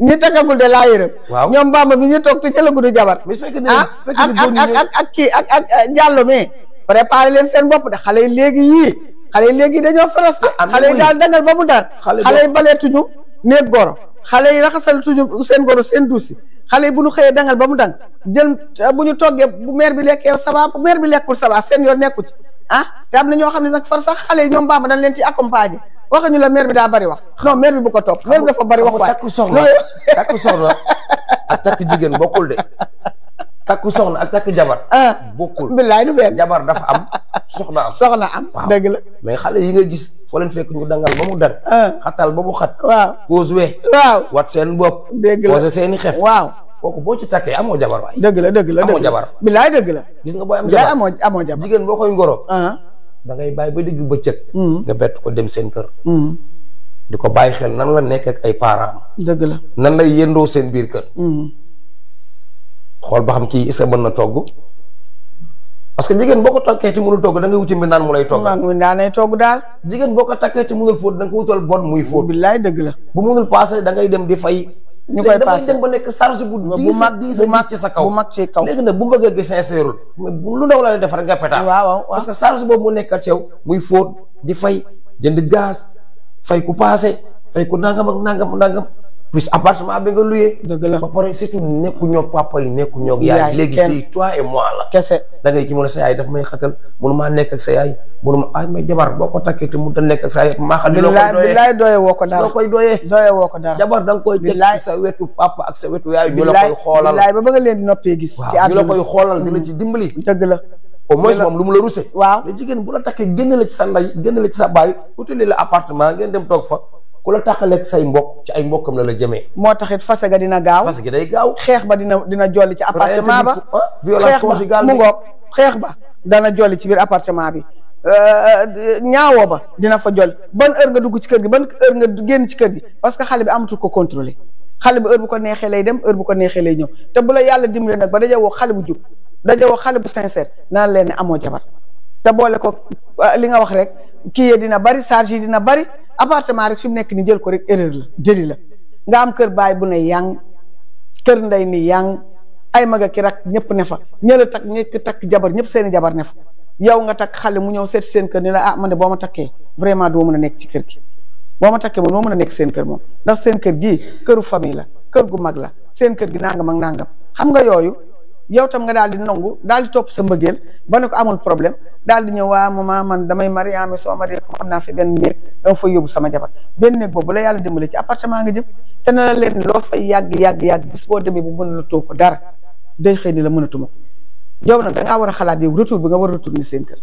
ñi de laa yërëm waaw ñoom bamba bi ñu toog te jëlagudu jabar ah ak ak ak kii ak ak jàllo eh, mais préparé leen seen bopp de xale yi léegi yii xale yi léegi dañoo faras de ah, xale yi daal dangal ba mu daan xale yi baleetuñu néeg goro xale yi raxasalatuñu seen goro seen duusi xale yi bu ñu xëyee dangal ba mu dang jël eh, bu ñu toggee bu meer bi lekkee sabaa bu meer bi lekkul sabaa seen yoon nekku ci ah te na ñoo xam ne nag far sax xale yi ñoom bamba dañ leen ci accompagner ñu la maire bi daa bari wax non maire bi bu ko topp maire bi dafa bari wax waaye takku takk takku soxna ak takk jigéen bokkul de takku soxna ak takk jabar ah, bokkul billaay du benn jabar dafa am soxna am soxna am dëgg la mais yi nga gis foo leen fekk ñu dangal ba mu dar ah. xat waaw wat seen bopp dëgg la seeni xef waaw kooku boo ci takkee amoo jabar waay dëgg la dëgg la amoo jabar billaay dëgg la gis nga booy am jabar amoo jabar jigéen boo koy ngoro ah. da ngay bàyyi ba digg bëccëg. Mm. nga bett ko dem seen kër. Mm. di ko bàyyi xel nan la nekk ak ay parents. dëgg la nan lay yëndoo seen biir kër. Mm. xool ba xam kii est-ce mën na togg. parce que jigéen boo ko takkee te mënul togg da nga wuti mi naan mu lay togg. mi naan lay togg daal. jigéen boo ko takkee te mënul fóot da nga ko wutal bon muy fóot. billaay dëgg la bu mënul paase da ngay dem di fay. ñu koy passé dem ba nekk charge bu. bu mag bu mag ci sa kaw bu mag kaw. léegi nag bu bëggee gis sincère lu ndaw la lay defar nga pétaat. waaw waaw parce que charge boobu mu nekk ci yow. muy fóot di fay jënd gaz fay ku paase fay ku nangam ak nangam nangam. plus appartement bi nga loué. dëgg la ba pare surtout nekku ñoo papa nekku ñoo yaay léegi c'est toi et moi la. kese da ngay ci sa yaay daf ma xatal mënuma nekk ak jabar boo ko takkee te mu ta nekk ak sa yaay maa xam. loo koy ko dara loo koy doyee. ko dara jabar da nga koy teg ci sa wetu papa ak sa nga leen noppee gis. ci àdduna mm. dimbali. la. au moom lu mu la rusé. waaw mais jigéen bu la takkee génn la ci sa ndey génn la ci sa baay utile la appartement ngeen dem toog fa ku la tàqaleeg say mbokk ci ay mbokkam la la jëmee. moo tax it fase ga dina gaaw fase gi day gaaw. xeex ba dina dina jolli ci appartement ba. Ah, violence conjugale mu ngoog xeex ba dana jolli ci biir appartement bi. Euh, euh, ñaawoo ba dina fa jol ban heure nga dugg ci kër gi ban heure nga génn ci kër gi parce que xale bi am tu ko contrôler xale bi heure bu ko neexee lay dem heure bu ko neexee lay ñëw te bu la yàlla dimbalee nag ba dajawoo xale bu jub dajawoo xale bu sincère naan leen ne amoo jabar te boole ko euh, li nga wax rek. kii yee dina bari charge yi dina bari appartement rek fi mu nekk ni jël ko rek erreur la déli la nga am kër baay bu ne yang kër ndey ni yang ay mag ak rak ñëpp ne fa ñëla takk ñekk takk jabar ñëpp seeni jabar ne fa yow nga takk xale mu ñëw seet seen kër ni la ah man de boo ma takkee vraiment doo mën a nekk ci kër gi boo ma takkee moom doo a nekk seen kër moom ndax seen kër gi këru famille la kër gu mag la seen kër gi nangam ak nangam xam nga yooyu yow tam nga daal di nangu daal di topp sa mbëgeel ba ne ko amul problème daal di ñëw waa maman man damay mariama ah, soo marié ko naa fi benn néeg fa yóbbu sama jabar benn néeg la yàlla dimbale ci appartement nga jëm te na loo fay yàgg yàgg yàgg bis boo demee mën la too ko dara day xëy ni la mënatuma ko yow nag a xalaat yow retour bi nga war a retourner seen kër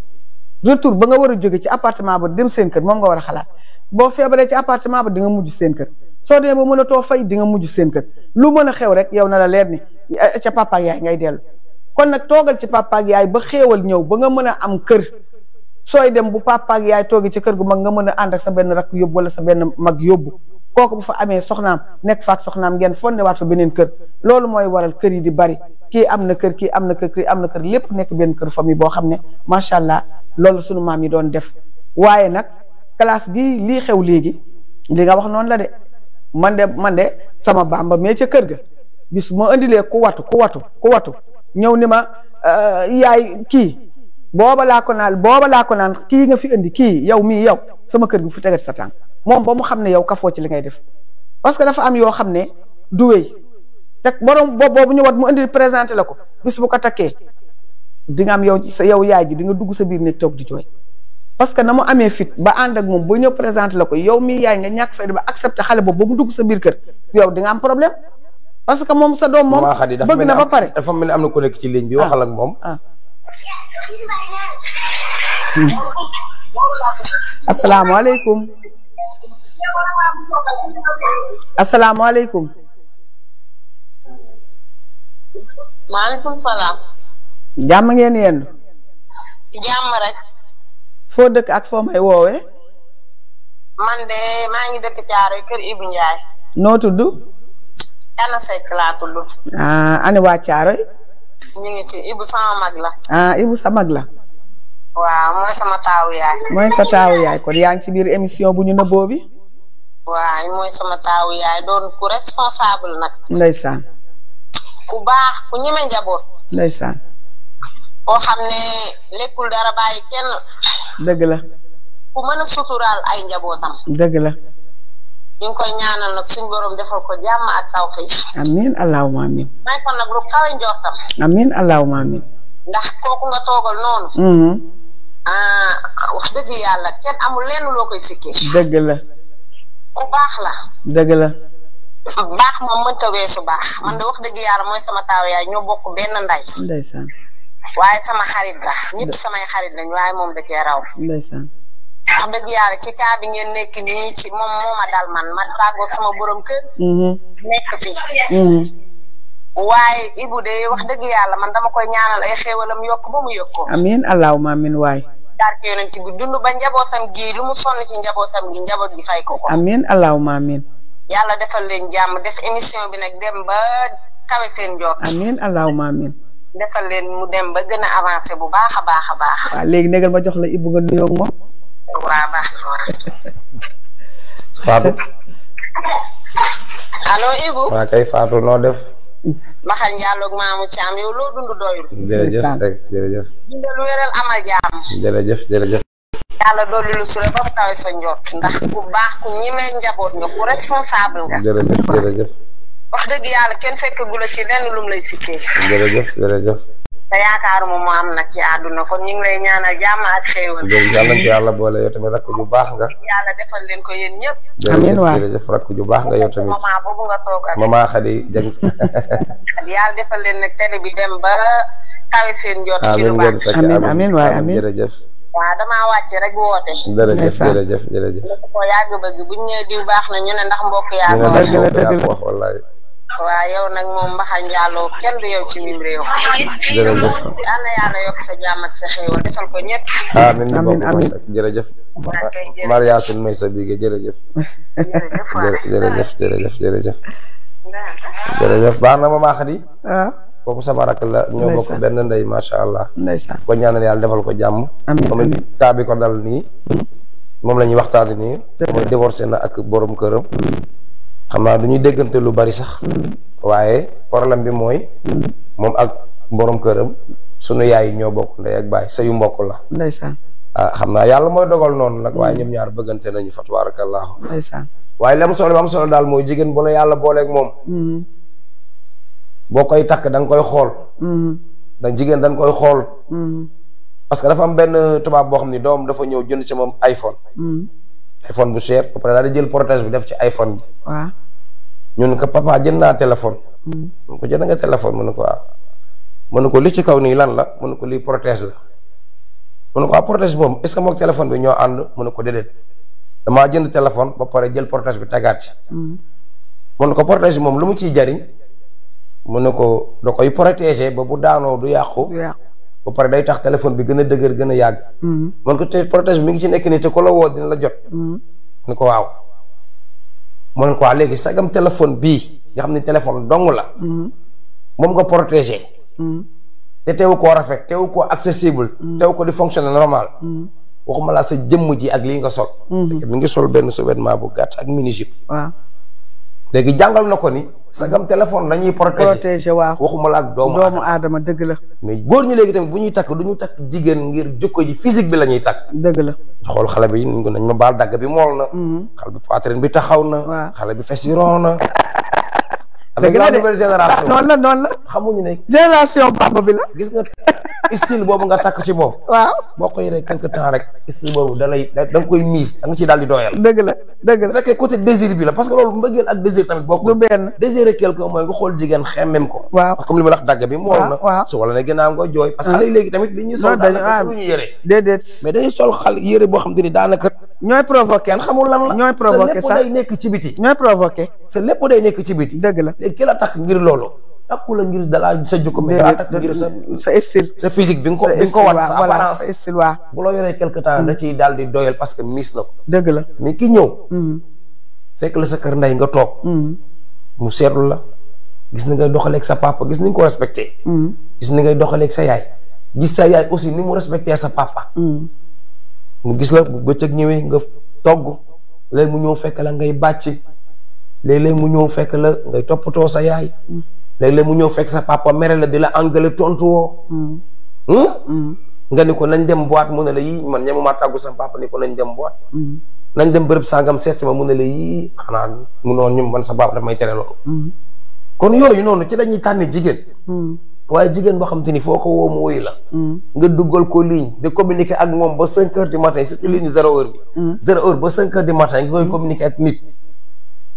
ba nga war a jóge ci appartement ba dem seen moom nga war a xalaat boo feebaree ci appartement ba di nga mujj seen kër soo mën a too fay di nga mujj seen kër lu mën a xew rek yow na la leer ni Eh, ca papa ak yaay ngay dellu kon nag toogal ci papa ak yaay ba xéewal ñëw ba nga mën a am kër sooy dem bu papa yaay toogee ci kër gu mag nga mën a ànd ak sa benn rakk yóbbu wala sa benn mag yóbbu kooku bu fa amee soxnaam nekk fa soxnaam ngeen fonne waat fa beneen kër loolu mooy waral kër yi di bari kii am na kër kii am na kër kii am na kër lépp nekk benn kër famille boo xam ne macha allah loolu sunu maam yi doon def waaye nag kalaas gi lii xew léegi li nga wax noonu la man de man de sama bamba mee ca kër ga. bis ma indilee ku watu ku watu ñëw ni ma euh, yaay kii booba laa ko naan booba naan kii nga fi indi kii yow mii yow sama kër gi fu tegat sa tànk moom ba mu xam ne yow kafoo ci li ngay def parce que dafa am yoo xam ne du wéy te borom boobu ñëwaat mu indi présenté la ko bis bu ko takkee di nga am yow sa yow yaay ji di nga dugg sa biir néeg toog di jooy parce que na mu amee fit ba ànd ak moom ba ñëw présenté la ko yow mii yaay nga ñàkk fay ba accepté xale boobu ba mu dugg sa biir kër yow di nga am problème parce que moom sa doom moom bëgg na ba pare dafa mel ni am na ku nekk ci ligne bi waxal ak moom ah, ah. Hmm. asalaamaaleykum asalaamaaleykum maaleykum salaam jàmm ngeen yendu jàmm rek foo dëkk ak foo may woowee man de maa ngi dëkk Caaroy kër Ibu Njaay noo tudd Diana Seck laa tudd. Ah, ana waa Caaroy. ñu ngi ci Ibou sama mag la. ah Ibou sa mag la. waaw mooy sama taawu yaay. mooy sa taawu yaay kon yaa ngi ci biir émission bu ñu nëbboo bi. waaw mooy sama taawu yaay doon ku responsable nag. ndeysaan. ku baax ku ñeme njaboot. ndeysaan. koo xam ne lekkul dara bàyyi kenn. dëgg la. ku mën a suturaal ay njabootam. dëgg la. ñu ngi koy ñaanal nag suñu borom defal ko jàmm ak tawfeex. amiin allahumma amiin. may ko nag lu kawe ndax kooku nga toogal noonu. Mm-hmm. Ah, wax dëgg yàlla kenn amul lenn loo koy sikkee. dëgg la. ku baax la. dëgg la. baax moom mënta weesu baax man de wax dëgg yàlla mooy sama taaw yaay ñoo bokk benn nday. ndeysaan. waaye sama xarit la ñëpp samay xarit lañ waaye moom da cee raw. ndeysaan. wax dëgg yàlla ci kaa bi ngeen nekk nii ci moom moo ma dal man ma tàggoog sama borom kër. Mm-hmm. nekk fi. Mm-hmm. waaye Ibou de wax dëgg yàlla man dama koy ñaanal ay xéewalam yokk ba mu yokk ko. amiin allahumma amiin ba njabootam gi lu mu sonn ci njabootam gi njaboot gi fay ko ko. amiin allahumma amiin. yàlla defal leen jàmm def émission bi nag dem ba kawe seen njort. amiin allahumma amiin. defal leen mu dem ba gën a avancé bu baax a baax a baax. léegi négal ma jox la Ibou nga nuyoo moom. waa baax na waaw. Fatou. allo noo def. Maxal Diallo maamu Thiam yow loo dund doyul. jërëjëf jërëjëf. dundal wéral amal jaam. jërëjëf jërëjëf. yàlla dolli lu ba mu kawe sa njort ndax ku baax ku ñimee njaboot nga ku responsable nga. jërëjëf jërëjëf. wax dëgg kenn fekk gu ci lenn lum lay sikkee. jërëjëf jërëjëf. te yaakaaruma mu am nag ci àdduna kon ñu ngi lay ñaanal jàmm ak xéewal. yàlla na yàlla boole yow tamit rakk baax nga. yàlla defal leen ko yéen ñëpp. amiin waaw ju baax nga yow tamit. maman boobu nga toog ak. defal leen nag télé ba kawe seen jot. ci lu baax amiin amiin waay amiin jërëjëf. waaw damaa wàcc rek woote. jërëjëf jërëjëf jërëjëf. ko yàgg bëgg bu ñu diw baax na ñu ne ndax mbokk yaa ko wax. waaw yow nag moom mbaxal njaaloo kenn du yow ci mim réew. jërëjëf si àlla yàlla yokk sa jaam ak sa xéewal defal ko ñëpp. baax na ma maax di. Ah. kooku sama rakk la ñoo bokk benn ndey macha allah. ndeysaan yàlla defal ko jàmm. amiin moom ko dal nii. moom la ñuy waxtaanee nii. mooy divorcé na ak borom këram. xam naa du ñuy déggante lu bari sax waaye problème bi mooy moom ak boroom këram sunu yaay yi ñoo bokk ndey ak baay sayu mbokk la ndeysaan ah xam naa yàlla mooy dogal noonu nag waaye mm. ñoom ñaar bëggante nañu fa tabaarakallaahu ndeysaan waaye li am solo bi am solo daal mooy jigéen bu la yàlla booleek moom mm. boo koy takk da nga koy xool mm. da jigéen dañ koy xool parce que dafa am benn tubaab boo xam ni doom dafa ñëw jënd ci moom iPhone iPhone bu cher ba pare daal di jël protège bi def ci iPhone bi. waaw ñu ne ko papa jënd naa téléphone. Hmm. mu ko jënd nga téléphone mu ne ko waaw. mu ne ko li ci kaw nii lan la mu ne ko lii protège la mu ne ko ah protège boobu est ce que moog téléphone bi ñoo ànd mu ne ko déedéet damaa jënd téléphone ba pare jël protège bi tagaat ci. Hmm. mu ne ko protège moom lu mu ciy jariñ mu ne ko da koy protéger ba bu daanoo du yàqu. ba pare day tax téléphone bi gën a dëgër gën a yàgg. Mm-hmm. man ko te protège mi ngi ci nekk nii te ko la woo dina la jot. Mm-hmm. ni ko waaw. mu ne ko waaw léegi sagam téléphone bii nga xam ne téléphone dong la. Mm-hmm. moom nga protégé. te teewu koo rafet teewu koo accessible. teewu ko di fonctionner normal. waxuma laa sa jëmm ji ak lii nga sol. mi ngi sol benn sous-vêtement bu gàtt ak mini jupe. waaw léegi jàngal na ko ni. sagam téléphone la ñuy protéger waa waaw waxuma la ak doomu aadama dëgg la. mais góor ñi léegi tamit bu ñuy takk du ñu takk jigéen ngir jukko ji physique bi la ñuy takk. dëgg la xool xale bi nañ ma baal dagg bi mool na. Mm-hmm. xale bi poitrine bi taxaw na. xale bi fes yi roo na. avec la nouvelle génération ah, noonu la noonu la xamuñu ne génération bamba bi la gis nga style boobu nga takk ci moom waaw boo ko yoree quelque temps rek style boobu da lay da nga koy miis da nga ciy daal di doyal dëgg la dëgg la bu fekkee côté que loolu mbëggeel ak désir tamit bokk du benn désirer mooy nga xool jigéen xemmem ko waaw comme li ma la dagg bi moom na waaw su wala ne ginnaaw nga jooy parce que xale yi ah. léegi tamit li ah, ñuy sol daanaka soluñu yére déedéet mais dañuy sol xal yére boo xam te ni daanaka ñooy provoqué kenn lan la ñooy provoqué sax lépp day nekk ci biti ñooy sa lépp nekk ci biti la Eh, kela la tax ngir lolo takku la ngir dala sa jukko mi dala ngir sa sa style sa physique bi ngi ko bi ngi ko wat sa apparence sa style waa bu lo yoree quelque temps da ci daldi doyal parce que miss na deug la mais ki hmm fek la sa keur nday nga hmm mu seetlu la gis nga doxale ak sa papa gis ni ko respecté gis ni doxale ak sa yaay gis sa yaay aussi ni mu respecté sa papa mu gis la bu bëccëg ñewé nga togg lay mu ñew fek la ngay bàcc leg leg mu ñëw fekk la ngay topoto sa yaay mm. leg leg mu ñëw fekk sa papa mere la di la angale tontu mm. hmm mm. nga ni ko nañ dem boîte mu ne la yi man ma tàggu sa papa ni ko nañ dem boîte nañ dem bërëb sangam sét sama mu ne la yi xana mu non ñum man sa papa daf may tere loolu kon yoyu nonu ci dañuy tànn jigéen waaye jigen bo xam te ni foo mu woy la nga duggal ko ligne de communiquer ak mom ba 5h du matin ci ligne 0h bi 0h ba 5h du matin nga koy communiquer ak nit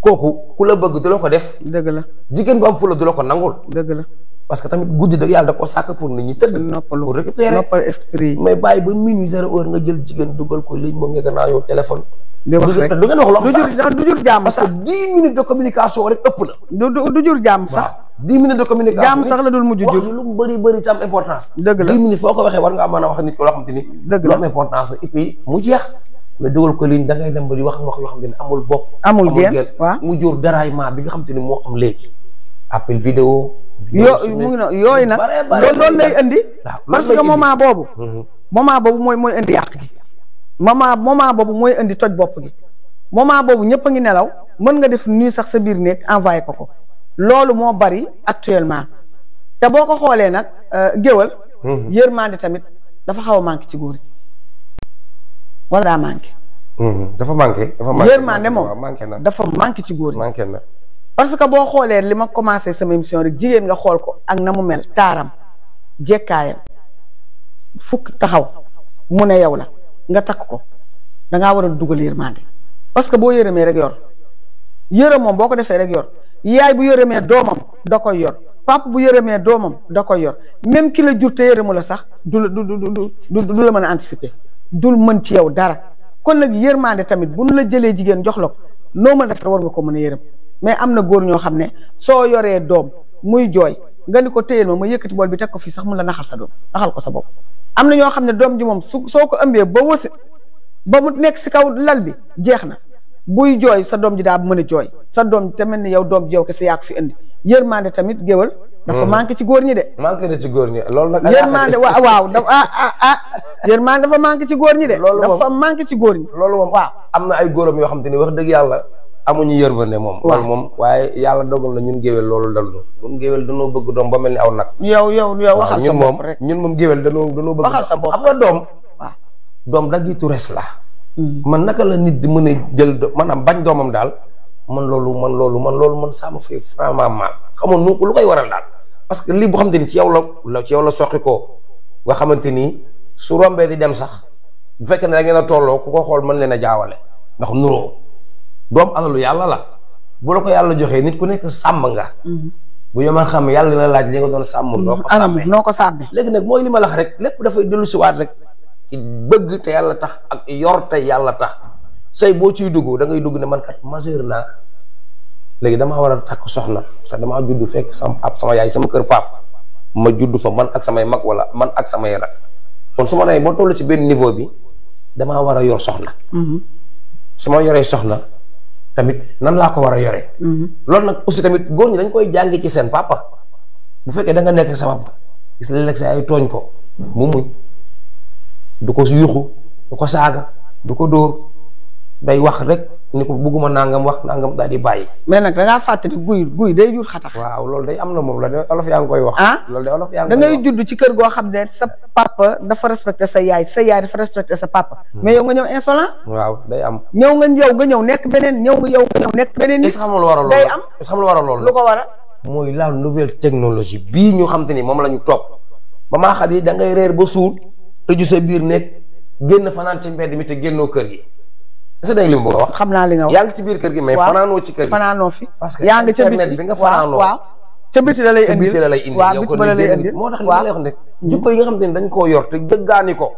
koku ku la bëgg du la ko def. deug la jigen bu am fula du la ko nangul. deug la parce que tamit guddi da yalla da ko sak pour nit ñi teud noppalu pour récupérer noppal esprit may bay ba minuit 0 heure nga jël jigen duggal ko liñ mo nga gëna yow téléphone. di wax rek du ngeen wax lu am du jur jam sax 10 minutes de communication rek ëpp na. du du jur jam sax. 10 minutes de communication jam sax la dul mujj jur. lu bari bari tam importance. dëgg la minutes foko waxe war nga mëna wax nit ko lo xam ni. la importance et puis mu jeex. nga dugal ko liñ da ngay dem ba di wax wax yoo xam ne amul bopp. amul genn waaw mu jur déraillement bi nga xam te ni moo am léegi. appel vidéo. yo yooyu nag. loolu lay indi. parce que moment boobu. Mm-hmm. moment boobu mooy mooy indi yàq gi. moment boobu mooy indi toj bopp gi. moment boobu ñëpp a ngi nelaw mën nga def nii sax sa biir néeg envoyé ko ko. loolu moo bari actuellement. te boo ko xoolee nag euh, géwal. Mm-hmm. yërmande tamit dafa xaw a manqué ci góor yi wala daa manqué. Mhm. dafa manqué dafa manqué yërmande moom dafa manqué ci góor manqué na parce que boo xoolee li ma commencé sama émission rek jigéen nga xool ko ak na mu mel taaram jekkaayam fukk taxaw mu ne yow la nga takk ko da war a dugal yërmande parce que boo yërëmee rek yor yërëm moom boo ko defee rek yor yaay bu yërëmee doomam da koy yor papa bu yërëmee doomam da koy yor même ki la jur te yërëmu la sax du la du du du du la mën a anticiper. dul mën ci yow dara kon nag yërmande tamit bu nu la jëlee jigéen jox la ko noo mën def war nga ko mën a yërëm mais am na góor ñoo xam ne soo yoree doom muy jooy nga ni ko téyel ma ma yëkkati bool bi teg ko fii sax mun la naxal sa doom naxal ko sa bopp. am na ñoo xam ne doom ji moom su soo ko ëmbee ba wësi ba mu nekk si kaw lal bi jeex na buy jooy sa doom ji daa mën a jooy sa doom mel ne yow doom ji ko si yaa ko fi indi yërmande tamit géwal dafa manqué ci góor ñi de. manqué na ci góor ñi loolu nag. yërmande waaw waaw dafa ah ah ah yërmande dafa manqué ci góor ñi de. loolu moom dafa manqué ci góor ñi. loolu moom waaw am na ay góoram yoo xam te ni wax dëgg yàlla amuñu yërmande moom. waaw moom waaye yàlla dogal na ñun géwél loolu dal ñu. géwel géwél danoo bëgg doom ba mel ni aw nag. yow yow yow waxal sa bopp rek ñun moom ñun moom géwél danoo danoo sa bopp xam nga doom. waaw doom daggitu res la. Mm. man naka la nit di mën a jël maanaam bañ doomam daal man loolu man loolu man loolu man ça me fait vraiment mal xamoon nu lu koy waral daal parce que lii boo xamante ni ci yow la la ci yow la soqi ko nga xamante ni su rombee di dem sax bu fekkee ne da ngeen a tolloo ku ko xool mën leen a jaawale ndax nuroo doom alalu yàlla la bu la ko yàlla joxee nit ku nekk sàmm nga. Mm-hmm. bu ñu mën xam yàlla na laaj li doon sàmmu noo ko sàmmee noo ko sàmmee. léegi nag mooy li ma lax rek lépp dafay dellu si waat rek ci bëgg te yàlla tax ak yor te yàlla tax. say bo ciy duggu da ngay dugg ne man kat majeur naa léegi dama wara tak soxna sa dama judd fekk sama ab sama yaay sama keur pap ma judd fa man ak sama mak wala man ak sama rak kon suma ma bo tollu ci ben niveau bi dama wara yor soxna. Mm-hmm. su ma yoree soxna tamit nan la ko wara a yoree. Mm-hmm. loolu nag aussi tamit goor ñi dañ koy jàngi ci seen papa bu fekkee da nga nekk sa papa gis léeg-léeg say ay togn ko mu muñ du ko du ko day wax rek ni ko bëgguma nangam wax nangam dal di baye mais nak da ngaa fàttali guuy guuy day jur xatax. waaw loolu day amna mom la de olof yang koy wax. ah day olof yang da ngay judd ci keur go xamne sa papa dafa respecter sa yaay sa yaay dafa respecter sa papa. Hmm. mais yow nga ñew insolent. waaw day am. ñew nga ñew nga ñew nek benen ñew nga yow ñew nek benen is xamul waral loolu day am is xamul waral loolu. lu ko waral. moy la nouvelle technologie bi ñu xam mom lañu top ba ma xadi da ngay reer ba suul te ju sa bir nek genn fanan ci mbedd mi te génnoo keur gi est-ce que li mu bëgg a wax. xam naa li nga wax yaa ngi ci biir kër gi mais. fanaanoo ci kër gi fanaanoo fi. parce que internet bi nga fanaanoo waaw ca biti la lay indi ca biti la la lay indi moo tax li ma lay wax ne. jikko yi nga xam te ne dañ koo yor te dëggaani ko.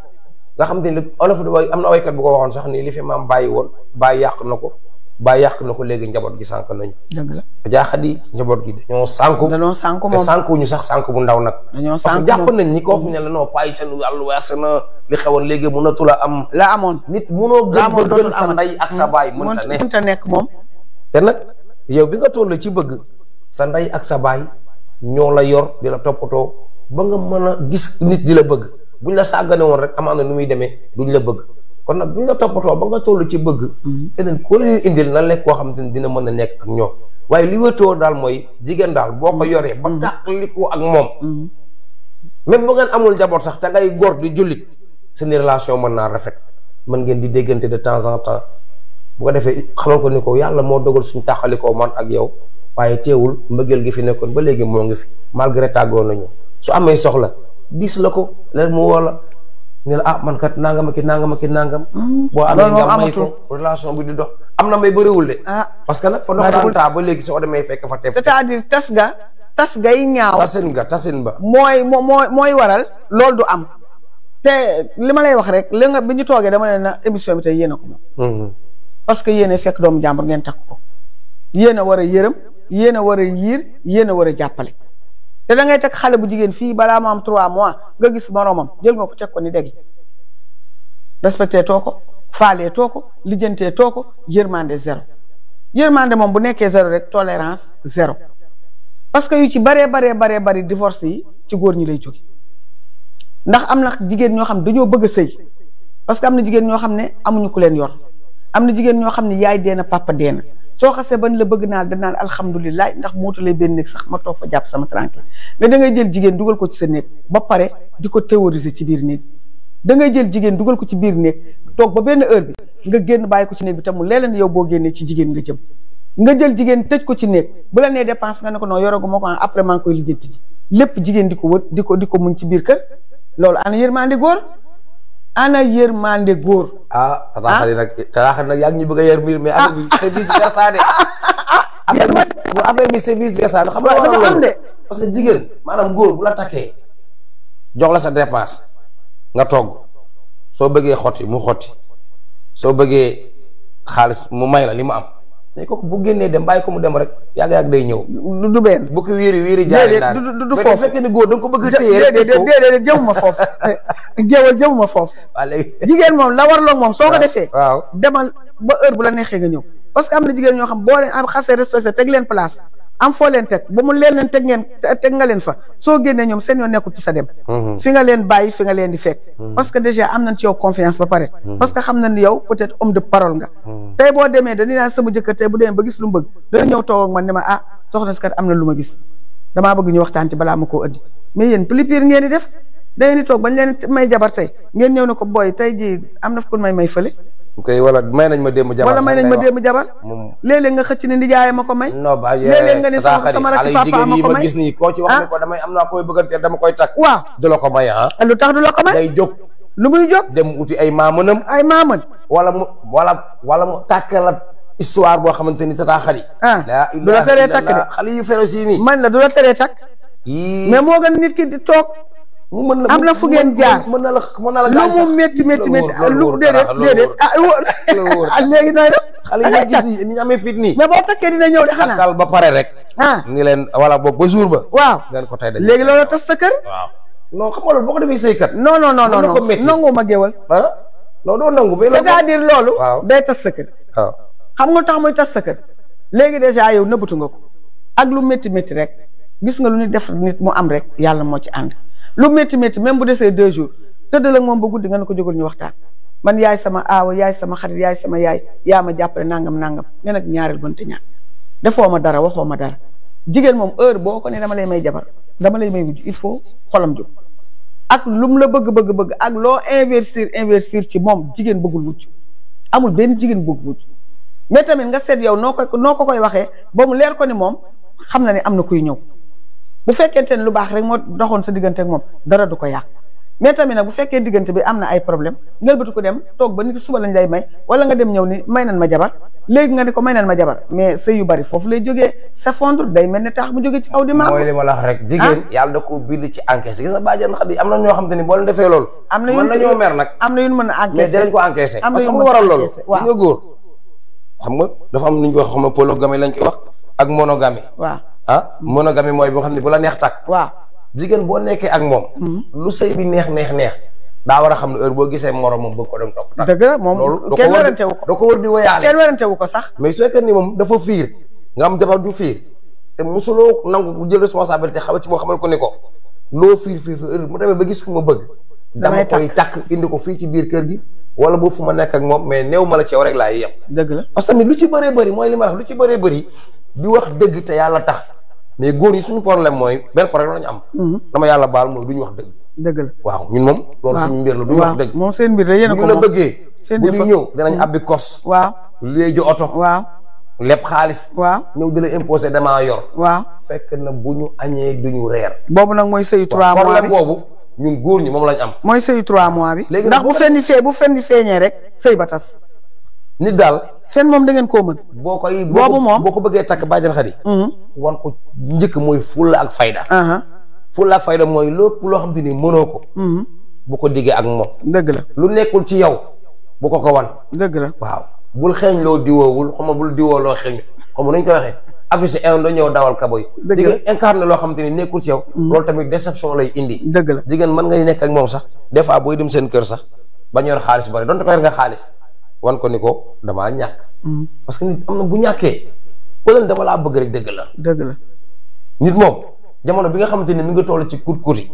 nga xam te ne olof am na waykat bu ko waxoon sax ni li fi maam bàyyi woon bàyyi yàq na ko ba yàq na ko legi njabot gi sank nañu. deug la jaaxadi njabot gi dañoo sanku dañoo sanku moom te sànku ñu sax sanku bu ndaw nak dañoo sanku japp nañ ni ko wax la no pay yi yalla wàllu wees na li xewoon léegi mënatu la am. la amoon nit no gën ba gën am nday ak sa bay mu ta nek mom te nak yow bi nga tollu ci bëgg sa nday ak sa bay ño la yor di la toppatoo ba nga mëna gis nit di la bëgg buñ la sagane won rek amana nu muy démé duñ la bëgg kon nag bu ñu la toppatoo ba nga toll ci bëgg. Mm-hmm. keneen ku leen indil na lekk koo xamante ni dina mën a nekk ak ñoom waaye li wëtoo daal mooy jigéen daal boo ko mm-hmm. yoree. ba mm-hmm. ko ak moom. même bu ngeen amul njaboot sax te ngay góor di jullit seen relation mën naa rafet mën ngeen di déggante de temps en temps bu ko defee xamal ko ni ko yàlla moo dogal suñu koo man ak yow waaye teewul mbëggeel gi fi nekkoon ba léegi moo ngi fi malgré tàggoo nañu su amee soxla ne la ah man kat nangam ak nangam ak nangam. Hmm. boo amee nga may relation bi di dox. am na may bëriwul de. ah parce que nag fa dox daan taa ba léegi soo demee fekk fa tef c'est-à-dire tas ga tas gay ñaaw. tasin ga tasin ba. mooy mooy mooy waral. loolu du am. li ma lay wax rek li nga ñu toogee dama ne na émission bi tey yéen a ko moom. Hmm. parce que yéen fekk doomu jàmbur ngeen takk ko. yéen a war a yërëm yéen a war a yiir yéen a war a jàppale. te da ngay teg xale bu jigéen fii balaa mu am trois mois nga gis moromam jël nga ko teg ko ni degi respecté too ko faalee too ko lijjantee too ko yërmande zéro yërmande moom bu nekkee zéro rek tolérance zéro parce que yu ci baree baree baree bari divorce yi ci góor ñi lay jóge ndax am na jigéen ñoo xam ne dañoo bëgg a sëy parce que am na jigéen ñoo xam ne amuñu ku leen yor am na jigéen ñoo xam ne yaay deena papa deena soo xasee ban la bëgg naa danaan alhamdulilah ndax mootalee benn néeg sax ma toog fa jàpp sama tranquille mais da ngay jël jigéen dugal ko ci sa néeg ba pare di ko théoriser ci biir néeg da ngay jël jigéen dugal ko ci biir néeg toog ba benn heure bi nga génn bàyyi ko ci néeg bi tam mu leela yow boo génnee ci jigéen nga jëm nga jël jigéen tëj ko ci néeg bu la nee dépense nga ne ko non yorogu ko am ah après maa ngi koy lijjanti lépp jigéen di ko wër di ko di ko muñ ci biir kër loolu ana yërmande góor ana yërmande góor. ah raxali nag raxali nag yaa ngi ñu bëgg a yar mbir mais affaire bi c'est ah. vice versa de. affaire bi c'est vice versa xam nga war a parce que jigéen maanaam góor bu la takkee jox la sa dépense nga togg soo bëggee xotti mu xotti soo bëggee xaalis mu may la li mu am. mais kooku bu génnee dem bàyyi ko mu dem rek yàgg-yàgg day ñëw. du du benn bu ko wéeri wéeri jaaree daal du du du foofu fekkee ni góor da nga ko bëgg a téye rek déedéet jëmuma foofu géewal jëmuma foofu jigéen moom la warloog moom soo ko defee waaw demal ba heure bu la neexee nga ñëw parce que am na jigéen ñoo xam boo leen am xasee respecté teg leen place am foo leen teg ba mu leen leen teg ngeen teg nga leen fa soo génnee ñoom seen yoon nekkul ci sa dem mhm. fi nga leen bàyyi fi nga leen di fekk mhm. parce que déjà am na ci yow confiance ba pare mhm. parce que xam nañ ni yow peut-être homme de parole nga tey boo demee dañuy naan sama jëkkër tey bu demee ba gis lu mu bëgg dana ñëw toog ak ne ma ah soxna si kat am na lu ma gis damaa bëgg ñu waxtaan ci balaa ma ko ëndi mais yéen pli pire ngeen di def da ngeen di toog bañ leen may jabar ngeen ñëw ne ko booy tey ji am na fu may may fële ok wala may nañ ma démb jabar wala may nañ ma démb moom léeg-léeg nga xëcc ne nijaay ma ko may non ba léeg-léeg sama rakk papa ma gis nii koo ci wax ne ah? ko damay am naa koy bëgganteel dama koy takk waaw du la ko may ah, ah lu tax du la ko may day jóg lu muy jóg dem uti ay maamanam ay maaman wala mu wala wala mu tàkk la histoire boo xamante ni tataa xali ah du la teree takk de xale yu féroce yi nii man la du la teree takk mais moo gën nit ki di toog mën na am na fu ngeen jaar mën na la mën na la gaañ sax lu mu métti métti métti lu déedéet déedéet ah wóor léegi nooy def xale yi nga gis ni ñu amee fit nii mais boo takkee dina ñëw de xanaa takkal ba pare rek ah ni leen wala boog ba jour ba waaw ngeen ko tey de léegi loolu tas sa kër waaw non xam nga loolu boo ko defee say kat non non non non nangu ma géwal ah non doo nangu mais c'est-à-dire loolu day tas sa kër waaw xam nga tax muy tas sa kër léegi dèjà yow nëbbatu nga ko ak lu métti métti rek gis nga lu nit def nit mu am rek yàlla moo ci ànd lu métti métti même bu desee deux jours tëddal ak moom ba guddi nga ne ko jógal ñu waxtaan man yaay sama aawa yaay sama xarit yaay sama yaay yaa ma jàppale nangam nangam ne nag ñaareel bon te defoo ma dara waxoo ma dara jigéen moom heure boo ko ne dama lay may jabar dama lay may wujj il faut xolam jóg ak lum la bëgg bëgg bëgg ak loo investir investir ci moom jigéen bëggul wujj amul benn jigéen bëgg wujj mais tamit nga seet yow noo ko noo ko koy waxee ba mu leer ko moom xam na ne am na kuy ñëw bu fekkente lu bax rek mo doxone sa diggante ak mom dara du ko yak mais tamit nag bu fekkee diggante bi amna ay problème ngeul ngelbatu ko dem tok ba nit suba lañ lay may wala nga dem ñëw ni may nañ ma jabar léegi nga ni ko may nañ ma jabar mais sey yu bari fofu lay joggé sa fondre day melni tax mu joggé ci aw di ma moy li ma la wax rek jigéen ah? yalla da ko bind ci encaisse gis nga bàjjan xam yi am na ñoo xam te ni boo leen defee loolu am na mën nañoo mer nak amna yu mëna a mais dañ ko encaissé parce que mu waral lool gis nga goor xam nga dafa am ñu wax xam ne polygamie lañ ci wax ak monogamy waaw ah monogamie mooy boo xam ne bu la neex takk. waaw jigéen boo nekkee moom. Hmm. lu sëy neex neex neex. daa war a xam ne heure boo gisee moromam bëgg ko doon topp. dëgg la moom kenn werante wu ko da ko war di woyaale wu ko sax. mais su fekkee ni moom dafa fiir nga am jabar ju fiir te musuloo nangu bu jël responsabilité xaw ci moo xamal ko ni ko loo fiir fiir fi heure mu demee ba gis ko ma bëgg. dama koy takk indi ko fii ci biir kër gi. wala boo fu ma nekk ak moom mais new ma la ci yow rek laay yem. dëgg la parce que lu ci bëree bëri mooy li ma wax lu ci bëree bëri di wax dëgg te yàlla tax mais góor yi suñu problème mooy benn problème la am. dama mhm. yàlla baal mooy du ñu wax dëgg. dëgg la waaw ñun moom. loolu suñu mbir la du ñu wax dëgg. moom seen mbir la yéen a ko moom ñu la seen ñëw danañ abbi kos. waaw léegi oto. waaw lépp xaalis. waaw ñëw di la imposé damaa yor. waaw fekk na bu ñu añee du ñu reer. boobu nag mooy sëyu trois mois bi ñun góor ñi moom lañ am. mooy sëyu mois bi. léegi ndax bu fenn fee bu fenn feeñee rek sëy ba tas nit daal kenn moom da ngeen koo mën. boo koy boobu moom boo ko bëggee takk bàjjan xari mm-hmm. wan ko njëkk mooy fulla ak fayda. Uh-huh. fulla ak fayda mooy lépp loo xam te ni mënoo ko. Mm-hmm. bu ko diggee ak moom. dëgg la lu nekkul ci yow bu ko ko wan. dëgg la waaw bul xeeñ loo diwoowul xaw ma bul diwoo loo xeeñ xaw ma nu ñu koy waxee. affiche un da ñëw dawal kabo yi. dëgg la loo xam te ni nekkul ci yow. Mm-hmm. loolu tamit déception lay indi. dëgg la jigéen mën nga nekk ak moom sax des booy dem seen kër sax ba yor xaalis bari donte ko yor nga xaalis wan ko ni ko damaa ñàkk. Mm. parce que nit am na bu ñàkkee pëlën dama laa bëgg rek dëgg la. dëgg la nit moom jamono bi nga xamante ni mu ngi toll ci kut kut yi.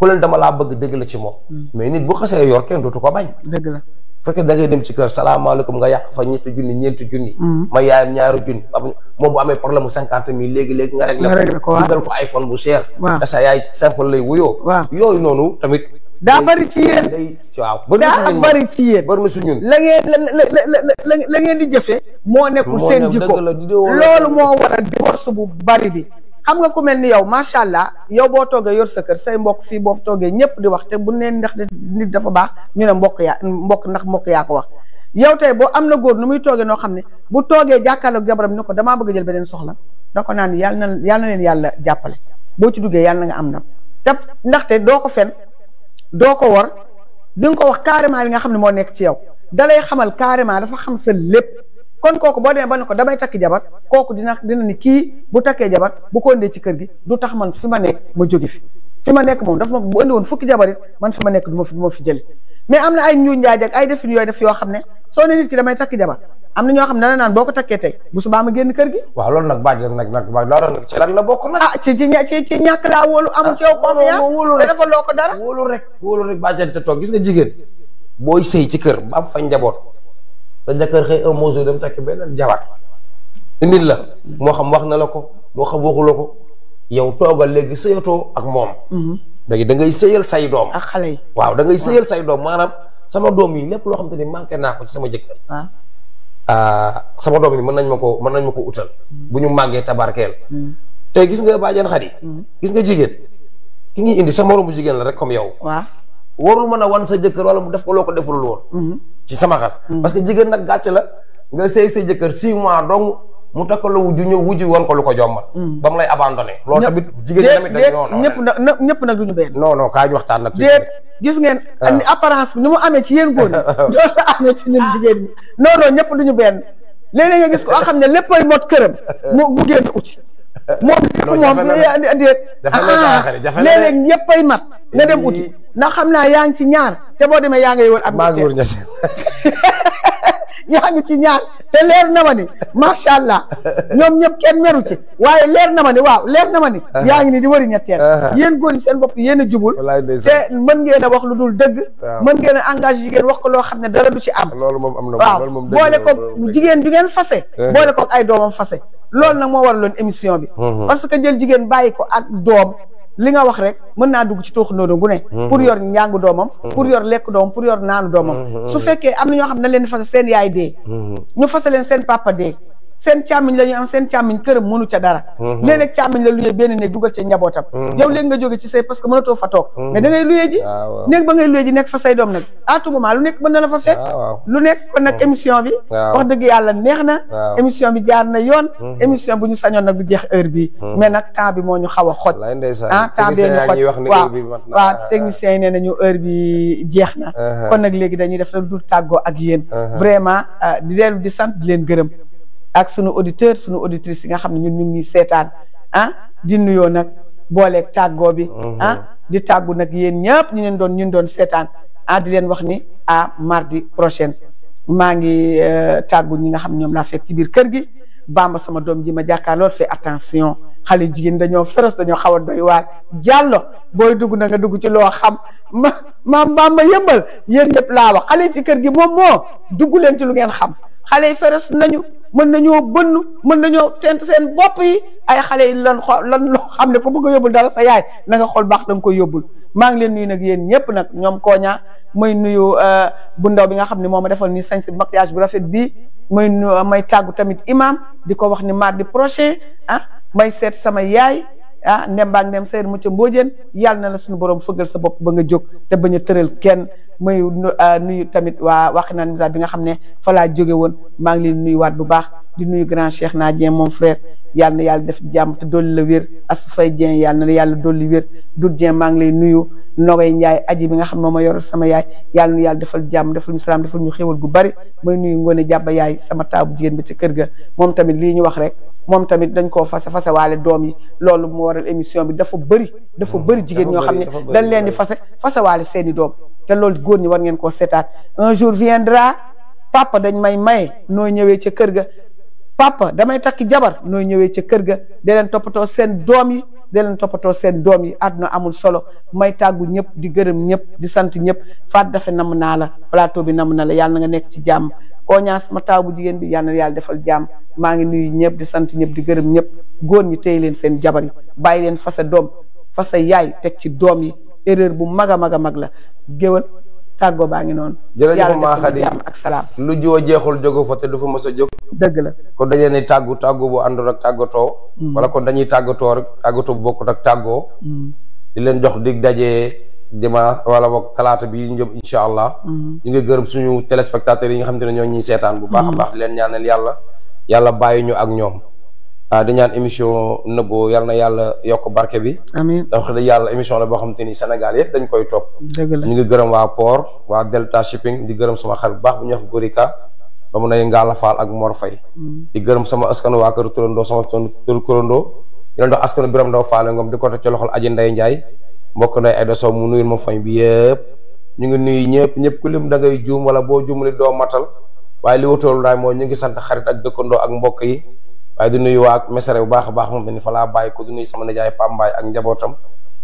pëlën dama laa bëgg dëgg la ci moom. Mm. mais nit bu xasee yor kenn dootu ko bañ. dëgg la fekkee da ngay dem ci kër salaamaaleykum nga yàq fa ñetti junni ñeenti junni. Mm. ma yaayam ñaari junni moom bu amee problème mu cinquante mille léegi léegi nga réglé ko. nga réglé ko waaw dugal ko iPhone bu cher. waaw yaay simple lay daa bari ci yéen. waaw daa bari ci yéen. bari na su ñun la ngeen la la la ngeen di jëfee. moo nekkul seen jikko loolu moo waral divorce bu bari bi. xam nga ku mel ni yow macha allah yow boo toogee yor sa kër say mbokk fii boo toogee ñëpp di wax te bu neen ndax nit dafa baax ñu ne mbokk yaa mbokk ndax mbokk yaa ko wax. yow tey boo am na góor nu muy toogee noo xam ne bu toogee jàkkaarloog jabaram ni ko damaa bëgg jël beneen soxla da ko naan yàlla na yàlla na leen yàlla jàppale boo ci duggee yàlla na nga am ndam te ndaxte doo ko fen doo ko war di nga ko wax carrément li nga xam ne moo nekk ci yow dalay xamal carrément dafa xam sa lépp kon kooku boo demee ba ne ko damay takki jabar kooku dina dina ni kii bu takkee jabar bu ko indee ci kër gi du tax man fi ma nekk ma jóge fi fi ma nekk moom dafa ma bu indi fukki jabar it man fi ma nekk du ma fi du ma fi jële mais am na ay njuuj njaaj ak ay defin yooyu def yoo xam ne soo ne nit ki damay takki jabar am na ñoo xam ne dana naan boo ko takkee tey bu subaa ma génn kër gi. waaw loolu nag bàjj nag nag loolu nag ci lan la bokk nag. ah ci ci ci ci ñàkk laa wóolu amul ci yow ah, confiance wóolu rek loo ko dara wóolu rek wóolu rek bàjjante toog gis nga jigéen booy ci kër ba am fa njaboot xëy un mois dem benn jabar la moo xam wax na la ko moo xam waxula ko yow toogal léegi sëyatoo ak moom mm-hmm. da ngay sëyal say doom ak xale waaw da ngay sëyal ah. say doom maanaam sama doom yi lépp loo xam te ni manqué naa ko ci sama jëkkër ah. Ah, sama doom yi mën nañ ma ko mën nañ ma ko utal bu ñu màggee tabarkeel hmm. te gis nga bàjjan xar yi hmm. gis nga jigéen ki ñuy indi sa moroom jigéen la rek comme yow waaw warul mën a wan sa jëkkër wala mu def ko loo ko deful woon hmm. ci sama xar parce que jigéen nag gàcce la nga sëy say jëkkër si mois dong mu takkala wujju ñëw wujju woon ko lu ko jommal mm. ba mu lay abandonné loolu tamit jigéen ñi tamit dañ non ñëpp nag ñëpp nag duñu benn non non kaa ñu waxtaan nag déet gis ngeen ah. ni apparence bi ni mu amee ci yéen góor ñi loolu la amee ci ñun jigéen ñi non non ñëpp duñu benn léeg-léeg nga gis ko a xam ne léppay mot këram mu mu génn uti moom lépp moom déet ah léeg-léeg ñëppay mat nga dem uti ndax xam naa yaa ngi ci ñaar te boo demee yaa ngay woon am yaa ngi ci ñaan te leer na ma ni allah ñoom ñëpp keen meru ci waaye leer na ma ni waaw leer na ma ni yaa ngi ni di wari ñetteel yéen góor ñi seen bopp yéen a jubul te man ngeen a wax lu dul dëgg man ngeen a engagé jigéen wax ko loo xam ne dara du ci am loolu moom am na waaw boole ko jigéen du ngeen fase boole ko ay doomam fase loolu nag moo waraloon émission bi parce que jël jigéen bàyyi ko ak doom li nga wax rek mën naa dugg ci tooxu noodo gu ne mm-hmm. yor njàngu doomam mm-hmm. pour yor lekk doomam pour yor naanu doomam mm-hmm. su fekkee am na ñoo xam ne leen fas seen yaay dee ñu fas leen seen papa dee seen càmmiñ la ñu am seen càmmiñ këram mënu ca dara mhm. léeg-léeg càmmiñ la luyee benn néeg dugal ca njabootam mhm. yow léegi nga jóge ci say parce que mënatoo fa toog mhm. mais da ngay luyee ji ah, néeg ba ngay luyee ji nekk fa say doom nag à tout moment lu nekk mën na la fa fekk ah, lu nekk kon nag émission bi ah. wax dëgg yàlla neex na émission bi jaar na yoon émission bu ñu sañoon nag lu jeex heure bi mais nag temps bi moo ñu xaw a xoj ah temps bee ñu xoj waaw waaw techniciens yi nee nañu heure bi jeex na kon nag léegi dañuy def dul tàggoo ak yéen vraiment euh, di dellu di sant di leen gërëm ak sunu auditeur sunu auditrice yi nga xamni ñun ñu ngi sétane ah di nak boole ak taggo bi. Mhm. ah di taggu nak yeen ñepp ñu leen doon ñun doon sétane ah di leen wax ni a mardi prochain ma ngi euh, taggu ñi nga xam ñom la fek ci bir kër gi bamba sama dom ji ma jàkkaarlool fi attention xali jigen dañoo feras dañoo xawa doy waar jallo boy dugg na nga dugg ci lo xam ma ma bamba yembal yeen ñëpp la wax xali ci kër gi mom mo dugg leen ci lu ngeen xam. xale yi feres nañu mën nañoo bënn mën nañoo tent seen bopp yi ay xale yi lan xo lan loo xam ne ko bëgg a yóbbul dara sa yaay na nga xool baax da nga koy yóbbul maa ngi leen nuyu nag yéen ñëpp nag ñoom kooña may nuyu euh, bu ndaw bi nga xam ne moom ma defal ni sañ si maquillage bu rafet bii may nu may tàggu tamit imam di ko wax ni mardi prochain ah may seet sama yaay ah ndem baak ndem seer mu ca mboojeen yàlla na la suñu borom fëggal sa bopp ba nga jóg te bañ a tëral kenn may ah, nuyu tamit waa Wakhinane Mizane bi nga xam ne fa laa jóge woon maa ngi leen nuyu waat bu baax di nuyu grand Cheikh naa Dieng moom frère yal na yàlla def jàmm te dolli la wér Asou Faye Dieng yal na yàlla dolli wér Doudou Dieng maa ngi lay nuyu Nogay Ndiaye aji bi nga xam ne ma yor sama yaay yal yàlla defal jàmm defal ñu salaam defal ñu xéwal gu bari may nuyu Ngone jàbba yaay sama taabu jigéen bi ci kër ga moom tamit lii ñu wax rek mom tamit dañ ko fassé fassé waale dom yi loolu mo waral émission bi dafa bëri dafa bëri jigéen ño xamné dañ leen di fassé fassé waale seeni dom té loolu goor ñi war ngeen ko sétat un jour viendra papa dañ may may, no ñëwé ci kër ga papa damay takki jabar no ñëwé ci kër ga dé leen topatosen seen dom yi dé leen topato seen dom yi amul solo may taggu ñëpp di gëreem ñëpp di sant ñëpp faat dafa nam naa la plateau bi nam na la nga nekk ci jamm oñaa ma taaw bu jigéen bi yàlla yàlla defal jàmm maa ngi nuyu ñëpp di sant ñëpp di gërëm ñëpp góor ñi tey leen seen jabar yi bàyyi leen fase doom fase yaay teg ci doom yi erreur bu mag a mag a mag la géwal tàggoo baa ngi noonu. jërëjëf maa xadi ak salaam lu jiw jeexul jógu fa te du fa mës a jóg. dëgg la kon dañu ne tàggu tàggu bu àndoon ak tàggatoo. Mm. wala kon dañuy tàggatoo rek tàggatoo bu bokkut ak tàggoo. Mm. di leen jox dig daje. dimanche wala boog talaata bii ñu jëm incha allah. Mhm. ñu ngi gërëm suñu téléspectateurs yi nga xam te ne ñoo ñuy seetaan bu baax a mhm. baax di leen ñaanal yàlla yàlla bàyyi ñu ak ñoom. ah di ñaan émission nëbboo yal na yàlla yokk barke bi. amiin donc yàlla émission la boo xam ni Sénégal yëpp dañ koy topp. ñu ngi gërëm waa port waa Delta shipping di gërëm sama xarit bu baax bu ñu wax Gorika. ba mu nay Ngalla Fall ak Mor mhm. di gërëm sama askan waa kër Turandoo sama kër Turandoo. di leen dox askan Biram Ndaw Faale Ngom di ko teg ci loxol Aji Ndeye Ndiaye mbokk nday Aïda Sow mu nuyul ma foñ bi yëpp ñu ngi nuyu ñëpp ñëpp ku lim da ngay juum wala boo juumali doo matal waaye li wutoolu daay mooy ñu ngi sant xarit ak dëkkandoo ak mbokk yi waaye du nuyu waa ak mesere bu baax a baax moom ni fa laa bàyyi ko du nuyu sama nijaay Pambaay ak njabootam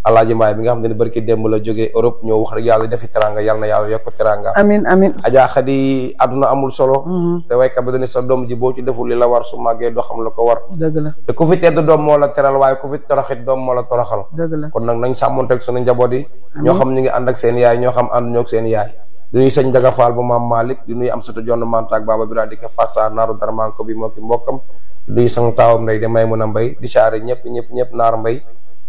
alaaji mbaay bi nga xam barki dembu la joge Europe ñoo wax rek yalla defi teranga yalla na yalla yokk teranga amin amin ajaa xadi aduna amul solo mm-hmm. te waykat bi dani sa dom ji bo ci deful li la war su magge do xam la ko war deug la te ku fi tedd dom mo la teral way ku fi toroxit dom mo la toroxal deug la kon nak nañ sàmmonteeg suñu njaboot yi xam ñu ngi and ak seen yaay ño xam and ñoo ak seen yaay di nuyu señ daga Faal bu mam malik di nuyu am satu jonn mantaak baba bira di fassa fasa darman ko bi moo ki di sang taw ndey damay mën mbay di saare ñep ñep ñep nar mbay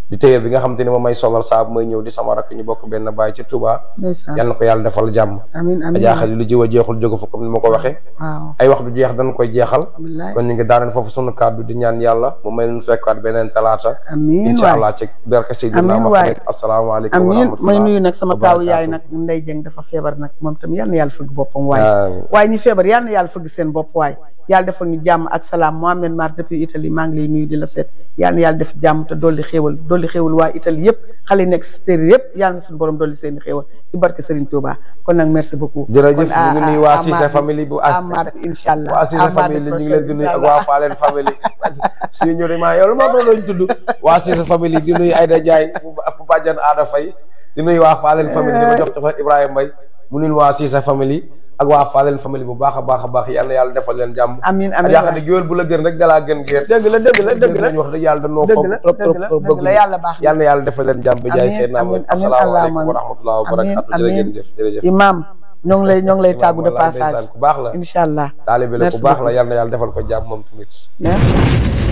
di téye bi nga xam te ne moom may solal saab may ñëw di sama rakk ñu bokk benn baay ci Touba yal na ko yàlla defal jàmm ajaaxal yi lu jiw a jeexul jóge fa comme ni ma ko waxee ay wax du jeex dañ koy jeexal kon ñu ngi daaneel foofu sunu di ñaan yàlla mu may nu fekkaat beneen talaata incha allah ci barke Seydina Muhammad asalaamaaleykum amiin may nuyu nag sama taaw yaay nag Ndey Jeng dafa feebar nag moom tam yal na yàlla fëgg boppam waaye waaye ñi feebar yal yàlla fëgg seen bopp waaye yàlla defal ñu jàmm ak salaam Mohamed Mar depuis Italie maa ngi lay nuyu di la seet yal na yàlla def jàmm te dolli xéewal dolli xéewal waa Italie yëpp xale yi nekk stéri yëpp yal na suñu borom dolli seen i ci barke Serigne Touba kon nag merci beaucoup. jërëjëf ñu ngi nuyu waa Cissé famille bu ak Amar incha allah waa Cissé ñu ngi leen di nuyu ak waa Falen family. suñu ñëwee maa yow lu ma doon lañ tudd waa Cissé famille di nuyu Aïda Ndiaye bu bàjjan Aada Faye di nuyu wa Falen family di ko jox jox Ibrahim bay. mu nuyu waa Cissé famille ak waa Fadel famille bu baax a baax a baax yal na yàlla defal leen jàmm amiin amiin ajaaxante wax dëgg yàlla danoo foog trop trop trop bëgg na yàlla defal leen jàmm bi jaay seen naam asalaamaaleykum wa rahmatulah wa barakatu jërëjëf imaam ñoo lay ñoo ngi lay tàggu de passage ku baax la incha allah taalibe la ku baax la yal na yàlla defal ko jàmm moom tamit